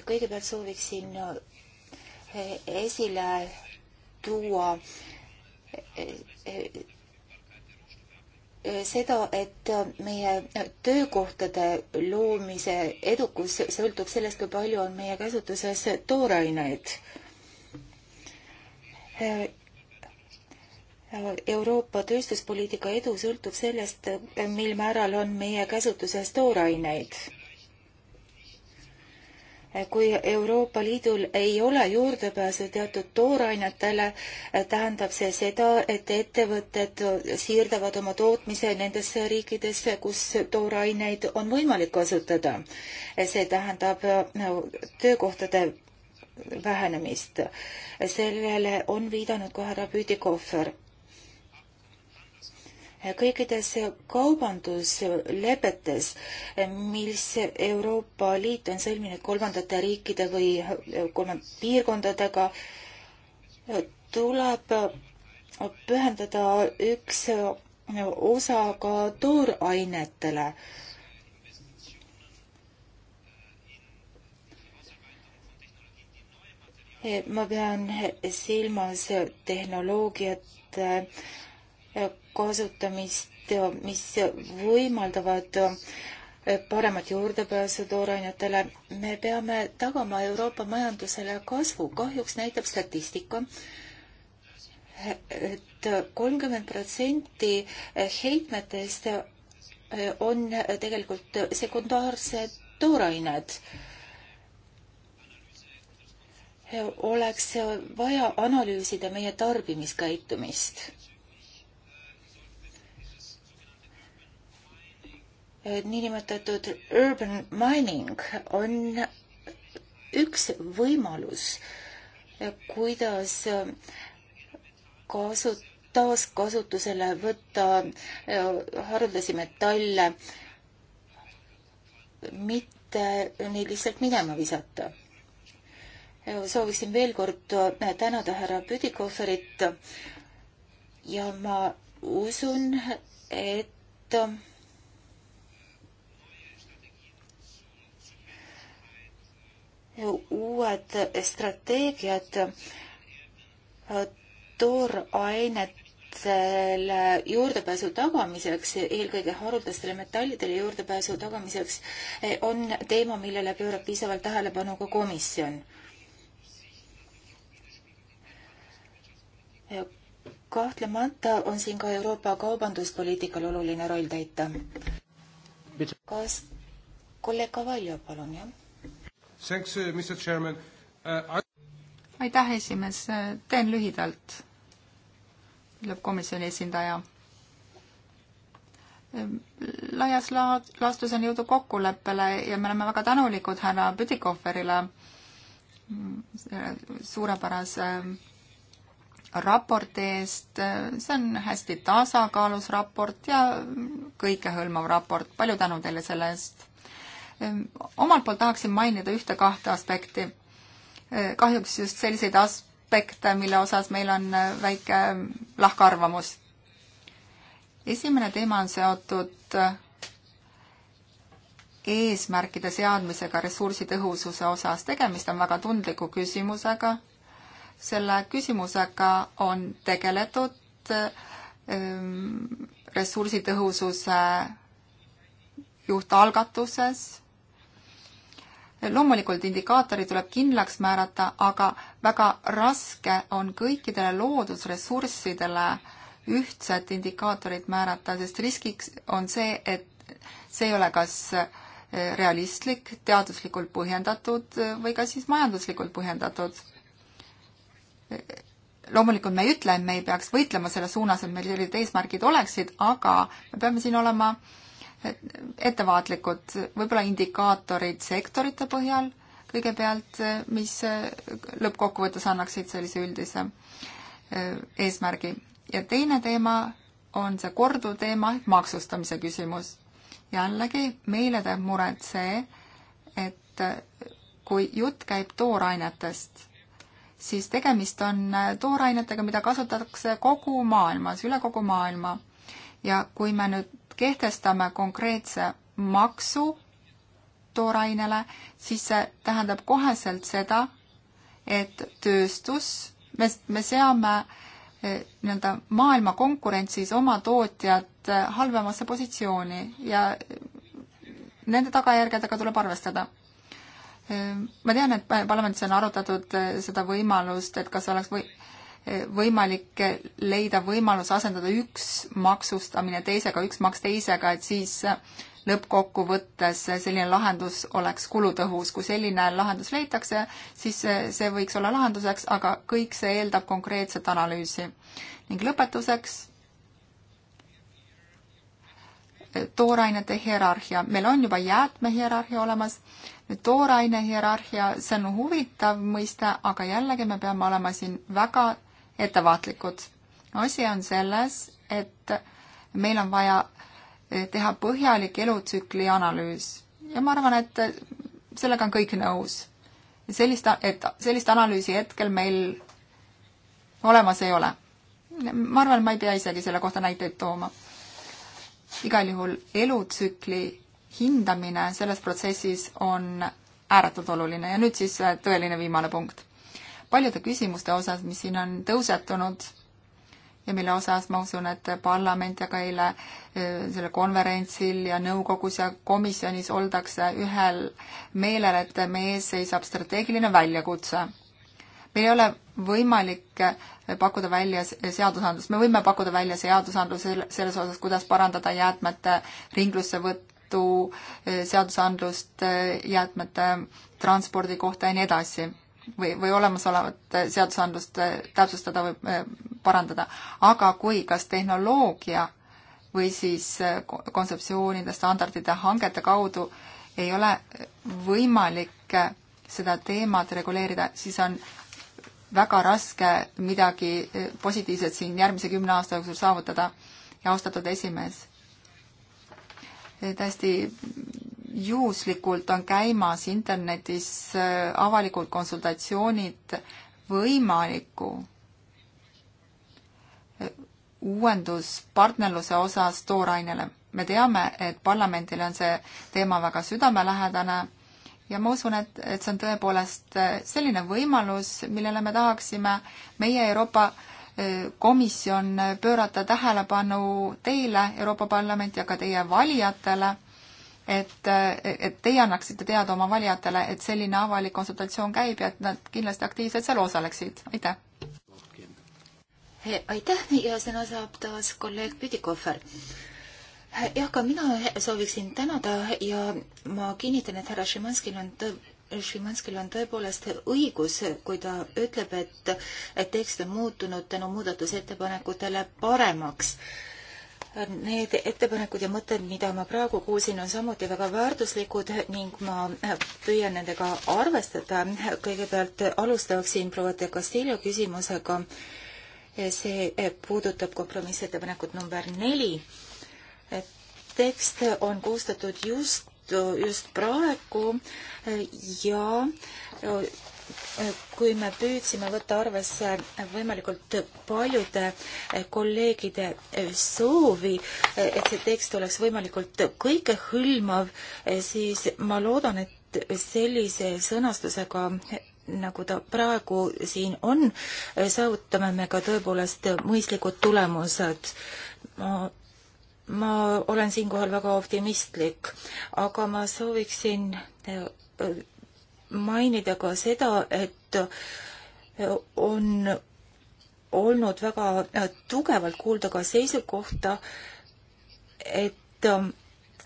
kõigepealt sooviksin eh, esile tuua eh, seda, et meie töökohtade loomise edukus sõltub sellest, kui palju on meie käsutuses tooraineid. Euroopa tööstuspoliitika edu sõltub sellest, mil määral on meie käsutuses tooraineid kui Euroopa Liidul ei ole juurdepääsu teatud toorainetele, tähendab see seda, et ettevõtted siirdavad oma tootmise nendesse riikidesse, kus tooraineid on võimalik kasutada. see tähendab no, töökohtade vähenemist. sellele on viidanud ka härra Püütikohver kõikides kaubanduslepetes, mis Euroopa Liit on sõlminud kolmandate riikide või kolmand-, piirkondadega, tuleb pühendada üks osa ka toorainetele ma pean silmas tehnoloogiat, kasutamist, mis võimaldavad paremat juurdepääsu toorainetele. me peame tagama Euroopa majandusele kasvu. kahjuks näitab statistika, et kolmkümmend protsenti heitmetest on tegelikult sekundaarsed toorained oleks vaja analüüsida meie tarbimiskäitumist. niinimetatud urban mining on üks võimalus, kuidas kasu, taaskasutusele võtta haruldasi metalle, mitte neid lihtsalt minema visata. sooviksin veel kord tänada härra Püdikohverit ja ma usun, et uued strateegiad äh, toorainetele juurdepääsu tagamiseks, eelkõige haruldastele metallidele juurdepääsu tagamiseks, äh, on teema, millele pöörab piisavalt tähelepanu ka komisjon kahtlemata on siin ka Euroopa kaubanduspoliitikal oluline roll täita. kas kolleeg Kavaljo, palun, jah? Thanks, uh, Mr Chairman uh,. aitäh, esimees, uh, teen lühidalt, ütleb komisjoni esindaja um, laias laastus on jõudnud kokkuleppele ja me oleme väga tänulikud härra Pütikohverile mm, suurepärase um, raporti eest. Uh, see on hästi tasakaalus raport ja kõikehõlmav raport. palju tänu teile selle eest! Ehm, omalt poolt tahaksin mainida ühte-kahte aspekti. Ehm, kahjuks just selliseid aspekte, mille osas meil on ehm, väike lahkarvamus. esimene teema on seotud eesmärkide seadmisega ressursitõhususe osas. tegemist on väga tundliku küsimusega. selle küsimusega on tegeletud ressursitõhususe juhtalgatuses loomulikult indikaatorid tuleb kindlaks määrata, aga väga raske on kõikidele loodusressurssidele ühtset indikaatorit määrata, sest riskiks on see, et see ei ole kas eh, realistlik, teaduslikult põhjendatud eh, või ka siis majanduslikult põhjendatud. loomulikult me ei ütle, et me ei peaks võitlema selle suunas, et meil sellised eesmärgid oleksid, aga me peame siin olema äh, ettevaatlikud, võib-olla indikaatorid sektorite põhjal kõigepealt, mis lõppkokkuvõttes annaksid sellise üldise äh, eesmärgi. ja teine teema on see korduv teema ehk maksustamise küsimus. jällegi, meile teeb muret see, et äh, kui jutt käib toorainetest, siis tegemist on äh, toorainetega, mida kasutatakse kogu maailmas, üle kogu maailma. ja kui me nüüd kehtestame konkreetse maksu toorainele, siis see tähendab koheselt seda, et tööstus, me, me seame eh, nii-öelda maailma konkurentsis oma tootjad eh, halvemasse positsiooni ja eh, nende tagajärgedega tuleb arvestada. ma tean, et parlamendis on arutatud seda võimalust, et kas oleks või võimalik leida võimalus asendada üks maksustamine teisega, üks maks teisega, et siis lõppkokkuvõttes selline lahendus oleks kulutõhus. kui selline lahendus leitakse, siis see võiks olla lahenduseks, aga kõik see eeldab konkreetset analüüsi. ning lõpetuseks toorainete hierarhia. meil on juba jäätmehierarhia olemas. nüüd tooraine hierarhia, see on huvitav mõiste, aga jällegi me peame olema siin väga ettevaatlikud. asi on selles, et meil on vaja eh, teha põhjalik elutsükli analüüs ja ma arvan, et sellega on kõik nõus. sellist, et sellist analüüsi hetkel meil olemas ei ole. ma arvan, et ma ei pea isegi selle kohta näiteid tooma. igal juhul elutsükli hindamine selles protsessis on ääretult oluline ja nüüd siis eh, tõeline viimane punkt paljude küsimuste osas, mis siin on tõusetunud ja mille osas ma usun, et parlament ja ka eile e, selle konverentsil ja nõukogus ja komisjonis oldakse ühel meelel, et meie ees seisab strateegiline väljakutse. meil ei ole võimalik pakkuda välja seadusandlust, me võime pakkuda välja seadusandluse selles osas, kuidas parandada jäätmete ringlussevõttu, e, seadusandlust e, jäätmete transpordi kohta ja nii edasi või, või olemasolevat seadusandlust äh, täpsustada või äh, parandada, aga kui kas tehnoloogia või siis äh, kontseptsioonide, standardide, hangete kaudu ei ole võimalik seda teemat reguleerida, siis on väga raske midagi positiivset siin järgmise kümne aasta jooksul saavutada. ja austatud esimees, täiesti juhuslikult on käimas internetis äh, avalikud konsultatsioonid võimaliku äh, uuenduspartnerluse osas toorainele. me teame, et parlamendile on see teema väga südamelähedane ja ma usun, et, et see on tõepoolest äh, selline võimalus, millele me tahaksime meie Euroopa Komisjon pöörata tähelepanu teile, Euroopa Parlament, ja ka teie valijatele et, et teie annaksite teada oma valijatele, et selline avalik konsultatsioon käib ja et nad kindlasti aktiivselt seal osaleksid, aitäh! aitäh ja sõna saab taas kolleeg Püdikohver. jah, ka mina sooviksin tänada ja ma kinnitan, et härra Šimanskil on tõ-, Šimanskil on tõepoolest õigus, kui ta ütleb, et, et tekst on muutunud tänu muudatusettepanekutele paremaks Need ettepanekud ja mõtted, mida ma praegu kuulsin, on samuti väga väärtuslikud ning ma äh, püüan nendega arvestada. kõigepealt alustaksin proua de Castillo küsimusega. see äh, puudutab kompromissettepanekut number neli. Äh, tekst on koostatud just, just praegu ja kui me püüdsime võtta arvesse võimalikult paljude kolleegide soovi, et see tekst oleks võimalikult kõikehõlmav, siis ma loodan, et sellise sõnastusega nagu ta praegu siin on, saavutame me ka tõepoolest mõistlikud tulemused. ma, ma olen siinkohal väga optimistlik, aga ma sooviksin mainida ka seda, et on olnud väga tugevalt kuulda ka seisukohta, et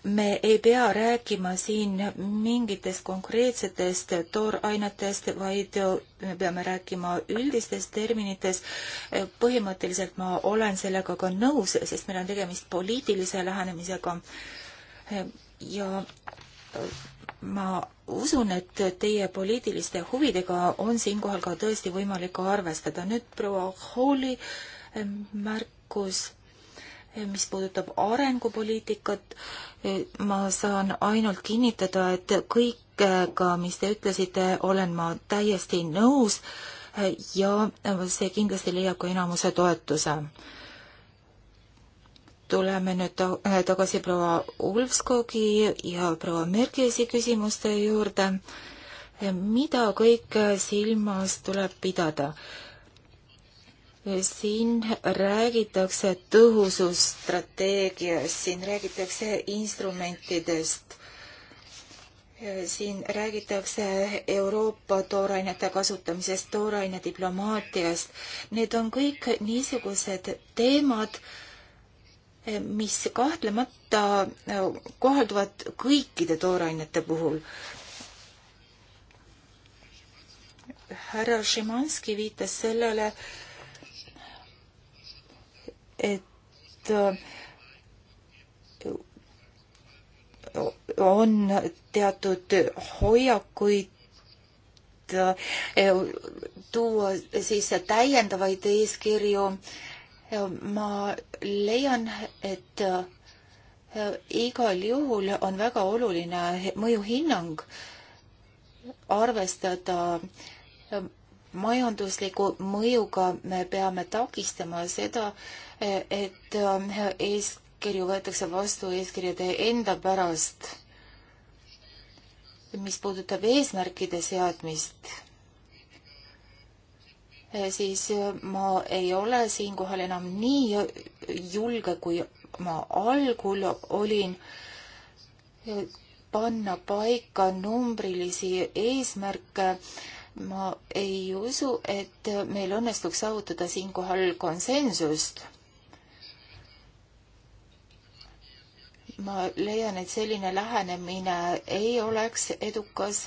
me ei pea rääkima siin mingitest konkreetsetest toorainetest, vaid me peame rääkima üldistes terminites. põhimõtteliselt ma olen sellega ka nõus, sest meil on tegemist poliitilise lähenemisega ja ma usun, et teie poliitiliste huvidega on siinkohal ka tõesti võimalik arvestada. nüüd proua Hooli märkus, mis puudutab arengupoliitikat, e, ma saan ainult kinnitada, et kõikega, mis te ütlesite, olen ma täiesti nõus e, ja see kindlasti leiab ka enamuse toetuse tuleme nüüd äh, tagasi proua Ulfskogi ja proua Merkesi küsimuste juurde. mida kõike äh, silmas tuleb pidada? Äh, siin räägitakse tõhususstrateegiast, siin räägitakse instrumentidest, siin räägitakse Euroopa toorainete kasutamisest, tooraine diplomaatiast. Need on kõik niisugused teemad, mis kahtlemata äh, kohalduvad kõikide toorainete puhul. härra Šimanski viitas sellele, et äh, on teatud hoiakuid äh, tuua siis täiendavaid eeskirju äh, Äh, ma leian, et äh, igal juhul on väga oluline mõjuhinnang arvestada äh, majandusliku mõjuga me peame takistama seda, et eeskirju võetakse vastu eeskirjade enda pärast, mis puudutab eesmärkide seadmist Eh, siis eh, ma ei ole siinkohal enam nii julge, kui ma algul olin eh, panna paika numbrilisi eesmärke. ma ei usu, et meil õnnestuks saavutada siinkohal konsensust. ma leian, et selline lähenemine ei oleks edukas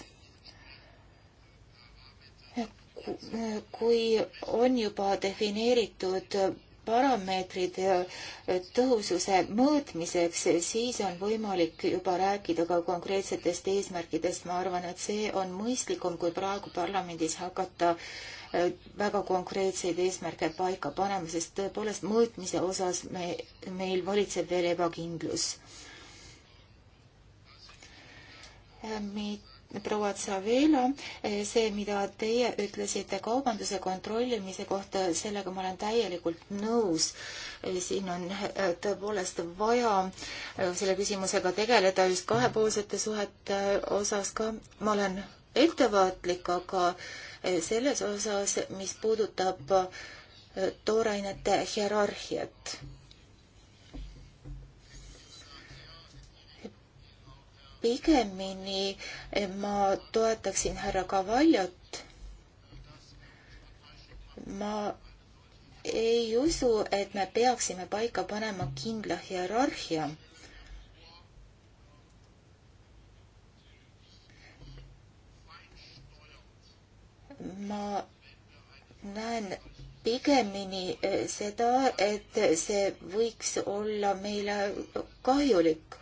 kui on juba defineeritud parameetrid tõhususe mõõtmiseks, siis on võimalik juba rääkida ka konkreetsetest eesmärkidest. ma arvan, et see on mõistlikum, kui praegu parlamendis hakata äh, väga konkreetseid eesmärke paika panema, sest tõepoolest mõõtmise osas me, meil valitseb veel ebakindlus. Äh, mida proua Tsavela, eh, see, mida teie ütlesite kaubanduse kontrollimise kohta, sellega ma olen täielikult nõus. Eh, siin on eh, tõepoolest vaja selle küsimusega tegeleda just kahepoolsete suhete osas ka. ma olen ettevaatlik, aga selles osas, mis puudutab toorainete hierarhiat pigemini eh, ma toetaksin härra Kavaljat. ma ei usu, et me peaksime paika panema kindla hierarhia. ma näen pigemini eh, seda, et see võiks olla meile kahjulik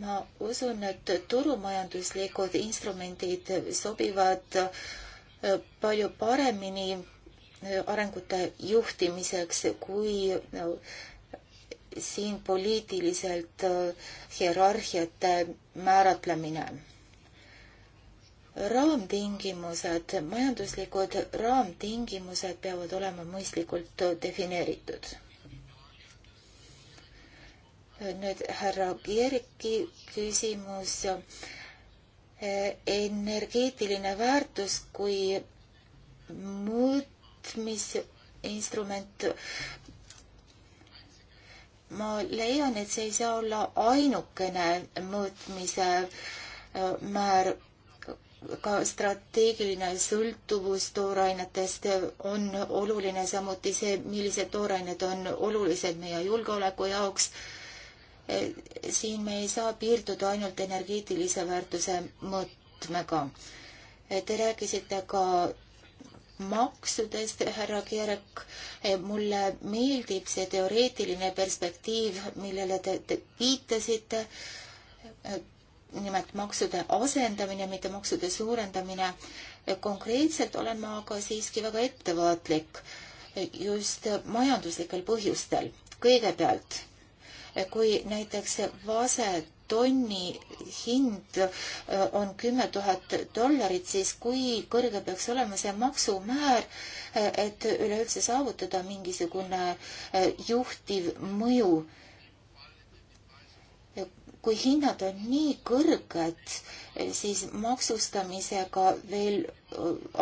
ma usun, et turumajanduslikud instrumendid sobivad äh, palju paremini äh, arengute juhtimiseks kui no, siin poliitiliselt äh, hierarhiate määratlemine raamtingimused, majanduslikud raamtingimused peavad olema mõistlikult defineeritud nüüd härra Kierki küsimus. energeetiline väärtus kui mõõtmisinstrument. ma leian, et see ei saa olla ainukene mõõtmise äh, määr ka strateegiline sõltuvus toorainetest on oluline, samuti see, millised toorained on olulised meie julgeoleku jaoks Eh, siin me ei saa piirduda ainult energeetilise väärtuse mõõtmega. Eh, te rääkisite ka maksudest, härra Kierek. Eh, mulle meeldib see teoreetiline perspektiiv, millele te, te viitasite. nimelt maksude asendamine, mitte maksude suurendamine. konkreetselt olen ma aga siiski väga ettevaatlik just majanduslikel põhjustel. kõigepealt kui näiteks vasetonni hind äh, on kümme tuhat dollarit, siis kui kõrge peaks olema see maksumäär, äh, et üleüldse saavutada mingisugune äh, juhtiv mõju? kui hinnad on nii kõrged, siis maksustamisega veel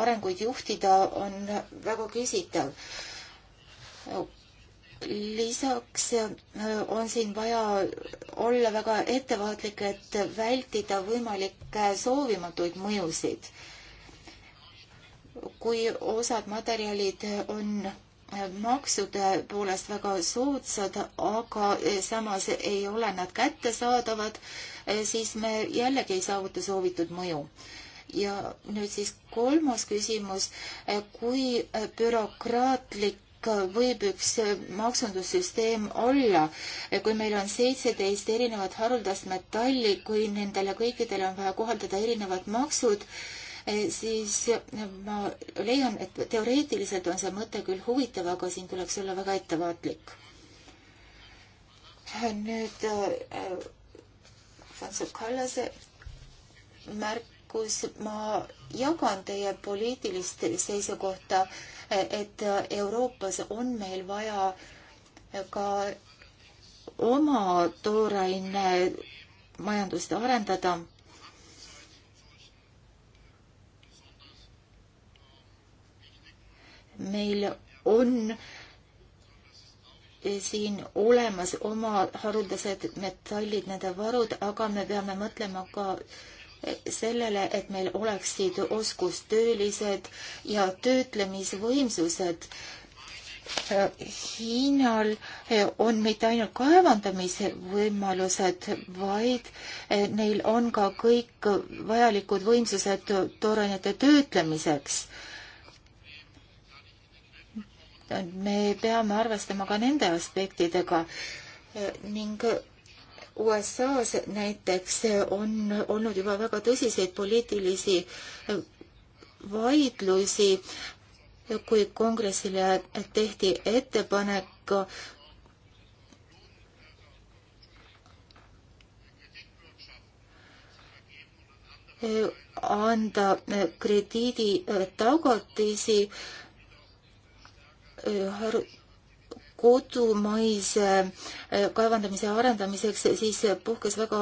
arenguid juhtida on väga küsitav lisaks äh, on siin vaja olla väga ettevaatlik, et vältida võimalikke äh, soovimatuid mõjusid. kui osad materjalid on äh, maksude poolest väga soodsad, aga samas ei ole nad kättesaadavad, siis me jällegi ei saavuta soovitud mõju ja nüüd siis kolmas küsimus, kui bürokraatlik pikk võib üks maksundussüsteem olla, kui meil on seitseteist erinevat haruldast metalli, kui nendele kõikidele on vaja kohaldada erinevad maksud, eh, siis ma leian, et teoreetiliselt on see mõte küll huvitav, aga siin tuleks olla väga ettevaatlik. nüüd eh, eh, Fonso Kallase märk kus ma jagan teie poliitilist seisukohta, et Euroopas on meil vaja ka oma tooraine majandust arendada. meil on siin olemas oma haruldased metallid, nende varud, aga me peame mõtlema ka sellele, et meil oleksid oskustöölised ja töötlemisvõimsused. Hiinal on mitte ainult kaevandamise võimalused, vaid neil on ka kõik vajalikud võimsused toorainete töötlemiseks me peame arvestama ka nende aspektidega ning USA-s näiteks on olnud juba väga tõsiseid poliitilisi vaidlusi, kui kongressile tehti ettepanek anda krediiditagatisi kodumaise eh, kaevandamise arendamiseks, siis puhkes väga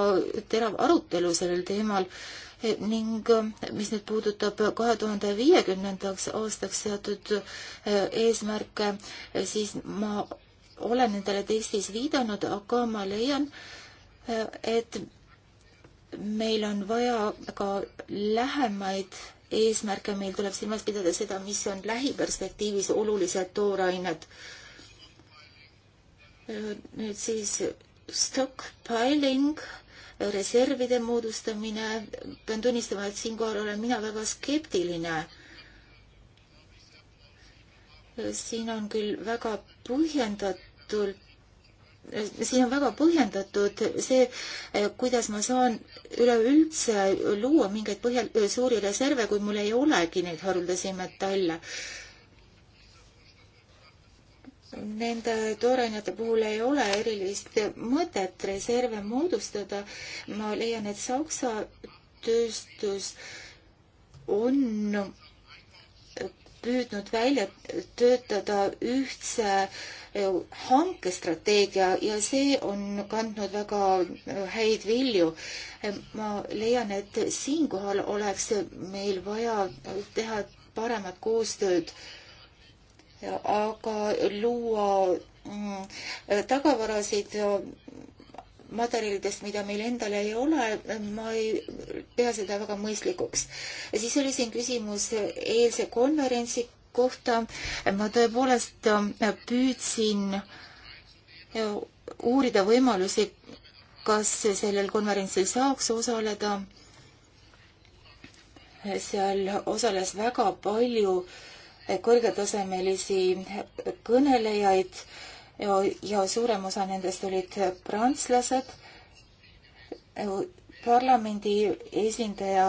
terav arutelu sellel teemal eh, ning eh, mis nüüd puudutab kahe tuhande viiekümnendaks aastaks seatud eesmärke, siis ma olen nendele tekstis viidanud, aga ma leian, et meil on vaja ka lähemaid eesmärke, meil tuleb silmas pidada seda, mis on lähiperspektiivis olulised toorained nüüd siis stockpiling, reservide moodustamine, pean tunnistama, et siinkohal olen mina väga skeptiline. siin on küll väga põhjendatult siin on väga põhjendatud see, kuidas ma saan üleüldse luua mingeid põhja, suuri reserve, kui mul ei olegi neid haruldasi metalle nende toorainete puhul ei ole erilist mõtet reserve moodustada. ma leian, et Saksa tööstus on püüdnud välja töötada ühtse äh, hankestrateegia ja see on kandnud väga äh, häid vilju. Äh, ma leian, et siinkohal oleks meil vaja teha paremat koostööd äh, aga luua mm, tagavarasid äh, materjalidest, mida meil endal ei ole, ma ei pea seda väga mõistlikuks. siis oli siin küsimus eilse konverentsi kohta. ma tõepoolest äh, püüdsin äh, uurida võimalusi, kas sellel konverentsil saaks osaleda. seal osales väga palju äh, kõrgetasemelisi kõnelejaid ja, ja suurem osa nendest olid prantslased. parlamendi esindaja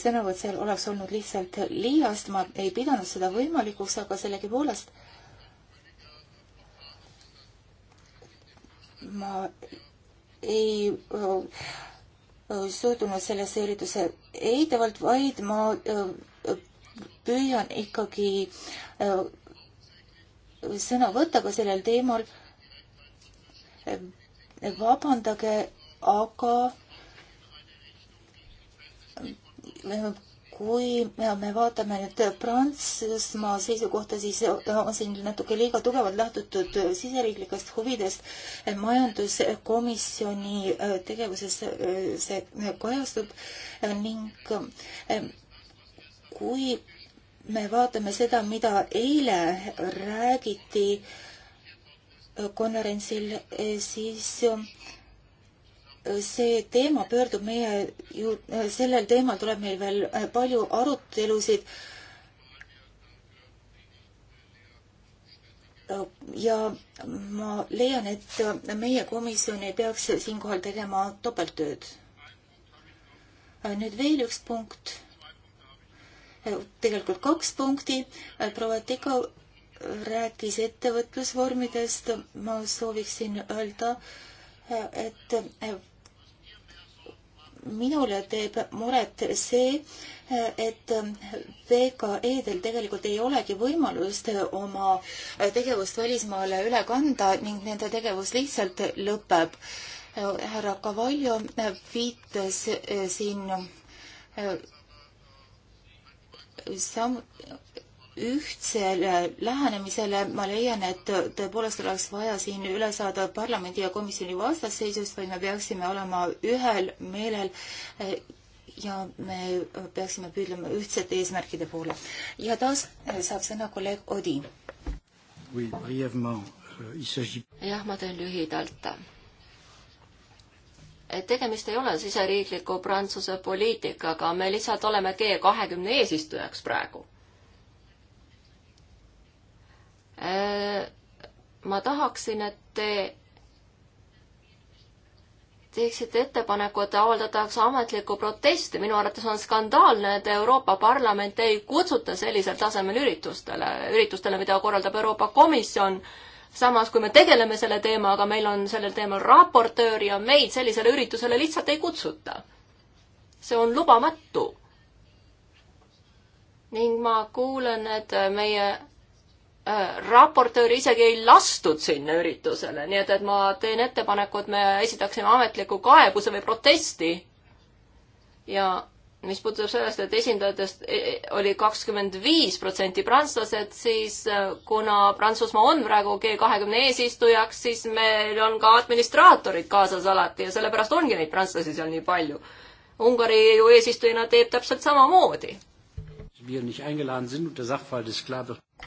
sõnavõtt seal oleks olnud lihtsalt liiast, ma ei pidanud seda võimalikuks, aga sellegipoolest ma ei äh, suhtunud sellesse ürituse eitavalt, vaid ma öö, äh, püüan ikkagi äh, sõna võtta ka sellel teemal. Äh, vabandage, aga äh, kui me vaatame nüüd Prantsusmaa seisukohta, siis on siin natuke liiga tugevalt lähtutud siseriiklikest huvidest. majanduskomisjoni tegevuses see kajastub ning kui me vaatame seda, mida eile räägiti konverentsil, siis äh, see teema pöördub meie ju, äh, sellel teemal tuleb meil veel äh, palju arutelusid. ja ma leian, et meie komisjon ei peaks siinkohal tegema topelttööd. nüüd veel üks punkt tegelikult kaks punkti. proua Tiko rääkis ettevõtlusvormidest. ma sooviksin öelda, et minule teeb muret see, et VKE-del tegelikult ei olegi võimalust oma tegevust välismaale üle kanda ning nende tegevus lihtsalt lõpeb. härra Cavallo viitas eh, siin eh, sam-, ühtsele lähenemisele ma leian, et tõepoolest oleks vaja siin üle saada parlamendi ja komisjoni vastasseisust, vaid me peaksime olema ühel meelel eh, ja me peaksime püüdlema ühtsete eesmärkide poole. ja taas eh, saab sõna kolleeg Odi. Euh, jah, ma teen lühidalt tegemist ei ole siseriikliku Prantsuse poliitikaga, me lihtsalt oleme G kahekümne eesistujaks praegu. Äh, ma tahaksin, et te teeksite ettepaneku, et avaldatakse ametlikku protesti. minu arvates on skandaalne, et Euroopa Parlament ei kutsuta sellisel tasemel üritustele, üritustele, mida korraldab Euroopa Komisjon äh, samas, kui me tegeleme selle teemaga, meil on sellel teemal raportöör ja meid sellisele üritusele lihtsalt ei kutsuta. see on lubamatu. ning ma kuulen, et meie äh, raportööri isegi ei lastud sinna üritusele, nii et, et ma teen ettepaneku, et me esitaksime ametliku kaebuse või protesti. ja mis puudutab sellest, et esindajatest e, e, oli kakskümmend viis protsenti prantslased, siis äh, kuna Prantsusmaa on praegu G kahekümne eesistujaks, siis meil on ka administraatorid kaasas alati ja sellepärast ongi neid prantslasi seal nii palju. Ungari ju eesistujana teeb täpselt samamoodi.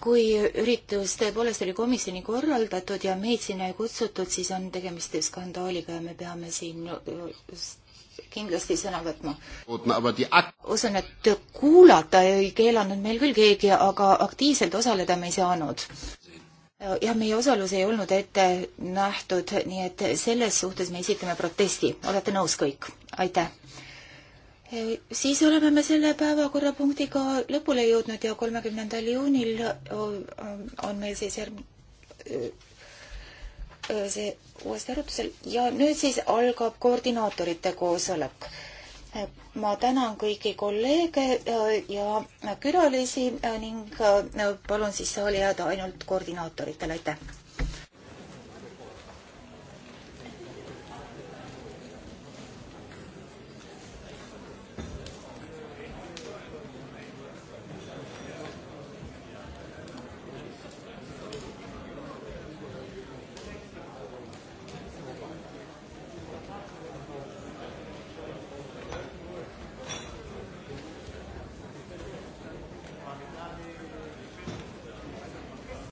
kui üritus tõepoolest oli komisjoni korraldatud ja meid sinna ei kutsutud, siis on tegemist skandaaliga ja me peame siin just äh, kindlasti sõna võtma. usun, et kuulata ei keelanud meil küll keegi, aga aktiivselt osaleda me ei saanud. jah, meie osalus ei olnud ette nähtud, nii et selles suhtes me esitame protesti. olete nõus kõik? aitäh! siis oleme me selle päevakorrapunktiga lõpule jõudnud ja kolmekümnendal juunil äh, on meil siis järg-, Äh, see uuesti arutusel ja nüüd siis algab koordinaatorite koosolek. Äh, ma tänan kõiki kolleege äh, ja külalisi ning palun siis saali jääda ainult koordinaatoritele, aitäh!